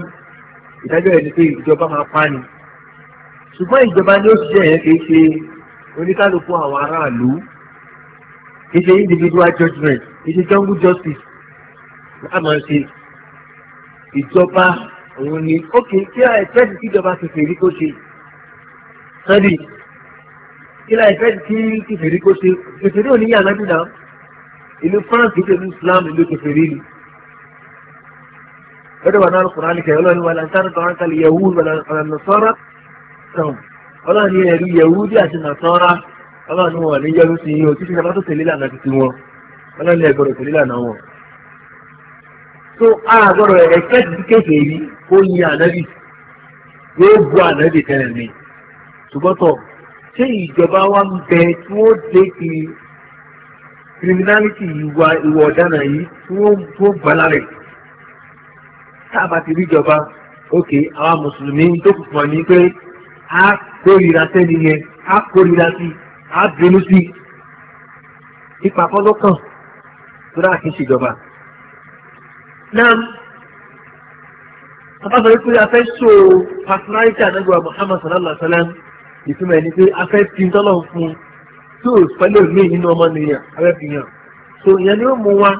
ìdájọ́ ẹ̀ ní pé ìjọba máa pa ni ṣùgbọ́n ìjọba ni ó ṣiṣẹ́ yẹn kì í ṣe oníkálukú àwọn aráàlú kì í ṣe individual judgment kì í ṣe jungle justice láàmú ṣe ìjọba òun ni ókè kí láì fẹ́ẹ̀sì kí ìjọba ti fèrí kó ṣe sọ́dí kí láì fẹ́ẹ̀sì kí fèrí kó ṣe kèfèrí ò ní yà náà dúdà ìlú France kìí ṣèlú Islam ìlú kèfèrí ni. lọ́dọ̀ wà náà Al-Qur'an kẹ̀yọ́ lọ́nà wà láǹtàn kan kàlí yahudu wà láǹtàn sọ́ra tán ọlọ́run ní ẹ̀rí yẹ̀wúdí àti nàtọ́ra ọlọ́run ní wọn ní yẹnu sí yín o títí sábà tó tẹ̀lé lànà tuntun wọn ọlọ́run ní ẹ̀gbọ́dọ̀ tẹ̀lé lànà wọn. so a gbọ́dọ̀ ẹ̀kẹ́tì kéèké yìí ó yin ànábì yóò bu ànábì tẹ́lẹ̀ mi ṣùgbọ́n tọ̀ ṣé ìjọba wa ń bẹ tí wọ́n dé ti criminality ìwà ìwà ọ̀daràn yìí tí wọ́n tó bala rẹ̀ tá a bá ti rí ìjọba ókè àwọn mùsùlùmí tó kù fún ọ ní pé á kórìíra sẹ́ni yẹn á kórìíra sí á bínú sí ipa fọlọ́kàn tó dáa kì í ṣèjọba. náà abáfẹ́ wípé a fẹ́ so personality anagba Muhammad sallallahu alaihi wa sallam ìtumọ̀ ẹni pé a fẹ́ fi tọ́lọ̀ fún un tí ò pẹ́lú mi nínú ọmọ nìyàn abẹ́ fi hàn. so ìyẹn ni ó mú wa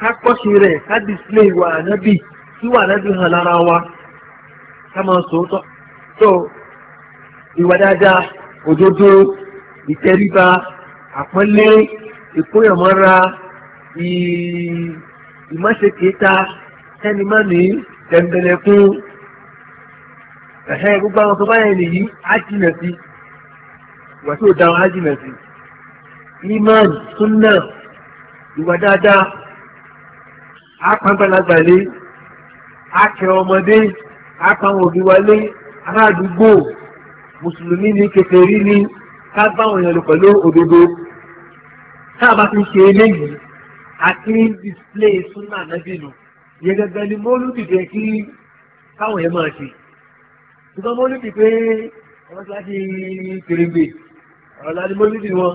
ká kọ́ṣe rẹ̀ ká display ìwà ànábì tí ìwà ànábì hàn lára wa ká máa sòótọ́. so ìwà dáadáa òdodo ìtẹríba àpọ́nlé ìkóyọ̀mọ́ra ìmọ̀ṣekèéta ẹni má ní tẹ̀m̀bẹ̀lẹ̀kún ẹ̀hẹ́ gbogbo àwọn tó bá yẹn nìyí á jìnà sí ìwà tí ò dáhùn á sí imán súnà ìwà dáadáa apagbalagba akẹ́ ọmọdé apàwọn òbí wa lé mùsùlùmí ni kèfèrí ni ká bá wọn yẹn lò pẹ̀lú òdodo tá a bá ti ṣe eléyìí àti display súnà nàbí nù yẹn gẹ́gẹ́ ni mólúdì jẹ́ kí káwọn yẹn máa ṣe ṣùgbọ́n mólúdì pé wọ́n ti láti kèrègbè ọ̀la ni mólúdì wọn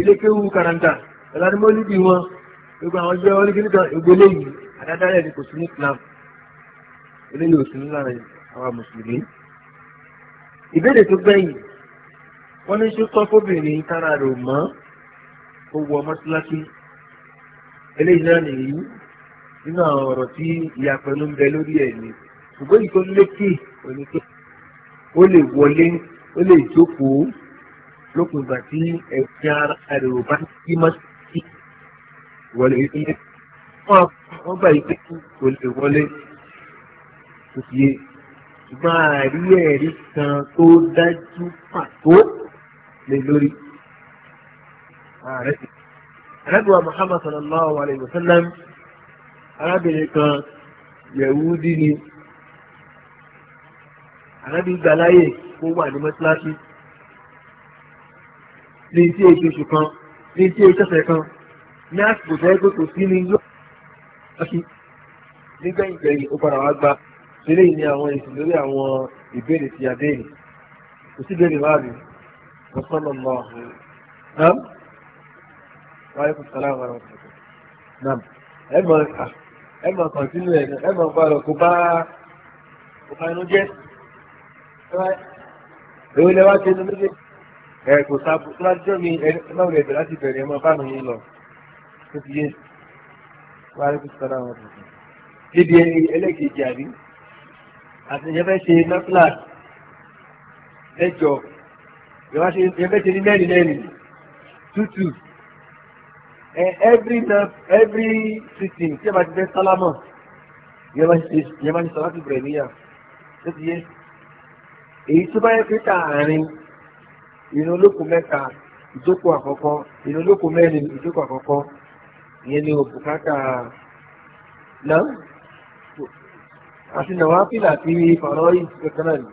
ilé kéwu karanta ọ̀la ni mólúdì wọn gbogbo àwọn jẹ́ oníkìlítàn ìgbélé yìí àdáda rẹ̀ ni kò sí ní Islam eléyìí ò sí ní lára àwa mùsùlùmí ìbéèrè tó gbẹ̀yìn wọ́n ní ṣó tọ́ fóbìnrin tára rò mọ́ ó wọ mọ́síláṣí eléyìí náà nìyí nínú àwọn ọ̀rọ̀ tí ìyá pẹ̀lú ń bẹ lórí ẹ̀ ni ṣùgbọ́n èyí tó lékè òní pé ó lè wọlé ó lè jókòó lópin ìgbà tí ẹ̀sìn ara rẹ̀ ò bá kí mọ́ wọlé ilé wọ́n gbà yí pé kò lè wọlé kò sí yé ṣùgbọ́n àrí ẹ̀rí kan tó dájú pàtó lè lórí. Àrẹ́gbẹ̀wá Muhammad sallallahu alayhi wa sallam arábìnrin kan Yẹ̀wúdí ni. Àrẹ́bí gbàláyè kó wà ní mọ́tíláṣí. Ní tí èyí oṣù kan, ní tí èyí tẹ̀sẹ̀ kan, ní àsìkò tẹ́ gbé kò sí ní yóò. Nígbẹ̀yìn gbẹ̀yìn ó padà wá gba sílé ní àwọn èsì lórí àwọn ìbéèrè ti àbẹ́ẹ̀lì kò sí ìbéèrè wá rí ọ̀sánà lọ nam wáyé kò sálà wà lọ́sọ̀ nam ẹ mọ̀ ẹ mọ̀ kọ̀ntínú ẹ̀ ẹ mọ̀ bá lọ kó bá kó bá inú jẹ́ èwe lẹ́wà tó inú méjèèjì ẹ kò sábò tó láti mi ẹ náà lè láti bẹ̀rẹ̀ ẹ mọ̀ bá mi lọ tó ti yé wáyé kò sálà wà lọ́sọ̀ níbi ẹlẹ́kejì àbí àtẹ̀yẹ fẹ́ ṣe nọ́fìlà ẹjọ ìyẹ fẹ́ ṣe ní mẹ́rin mẹ́rin tútù every every sitting tí a bá ti fẹ́ sálámọ̀ ìyẹ máa ṣe ìyẹ máa ṣe sọ láti bẹ̀rẹ̀ níyà tó ti yẹ èyí tó bá yẹ pé káàárín ìrìn olókùn mẹ́ta ìjókòó àkọ́kọ́ ìrìn olókùn mẹ́rin ìjókòó àkọ́kọ́ ìyẹn ni òbùkátà náà àti nàwáfíìlì àti fàrọ́ì kankan náà ni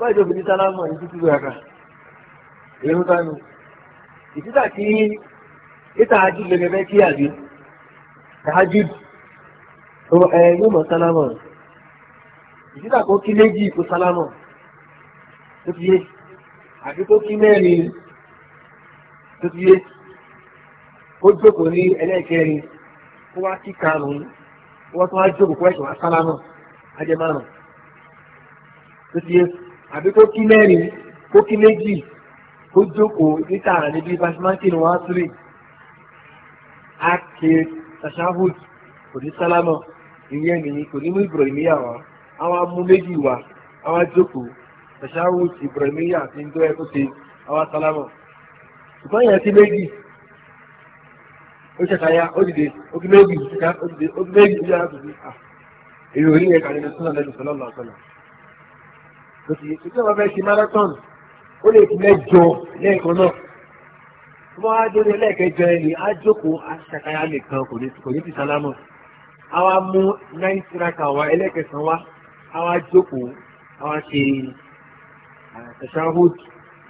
báyìí tó fi ní sálámù àti títí lóra kan èrò tánu ìtítà tí ìtà ajú lẹ́gbẹ̀ẹ́ kí àbí ajú ẹ yóò mọ̀ sálámù ìtítà kó kí méjì kó sálámù tó fi yé àti kó kí mẹ́rin tó fi yé ó jókòó ní ẹlẹ́ẹ̀kẹrin kó wá kí karùn-ún wọ́n tún á jókòó kó ẹ̀sùn asálámù ajẹ́ márùn tó ti yẹ àbí kó kí mẹ́rin kó kí méjì kó jókòó níta níbi basimantin wá tírì á ké tashahud kò ní sálámù ìyẹn nìyí kò ní mú ìbùrọ̀lìmíyà wá àwọn amú méjì wá àwọn jókòó tashahud ìbùrọ̀lìmíyà ti ń dọ́ ẹ kó ṣe àwọn sálámù ṣùgbọ́n yẹn ti méjì ó ṣàkàyà ó dìde ó kí méjì ìṣúká ó dìde ó kí méjì ìṣúká tó fi à èrè orí yẹn kàdé ní sọ́nà lẹ́nu sọ́nà lọ́wọ́ sọ́nà. kò sì kí tí wọ́n fẹ́ ṣe marathon ó lè fi mẹ́jọ lẹ́ẹ̀kan náà wọ́n á dé lẹ́ẹ̀kẹjọ ẹni á jókòó á ṣàkàyà nìkan kò ní ti sálámù àwa mú náírà tiraka wa ẹlẹ́kẹsàn wa àwa jókòó àwa ṣe eh, tashahud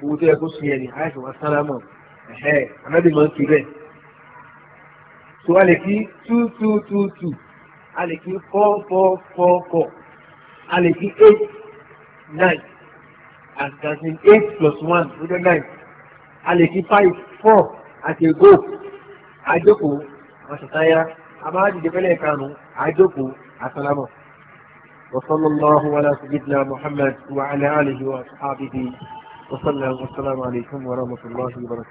owó tó yẹ kó ṣe ẹni àìsàn wa sálámù ẹ̀hẹ́ anábìmọ̀ ń ti bẹ́ẹ̀ so a lè kí two two two two a lè kí four four four four a lè kí eight nine and that means eight plus one ó jẹ́ nine a lè kí five four àti ego àjòkó àṣetayá àmáàdìdì fẹ́lẹ̀ karùn-ún àjòkó àsálámọ̀. وصلى الله على سيدنا محمد وعلى آله وأصحابه وسلم والسلام عليكم ورحمة الله وبركاته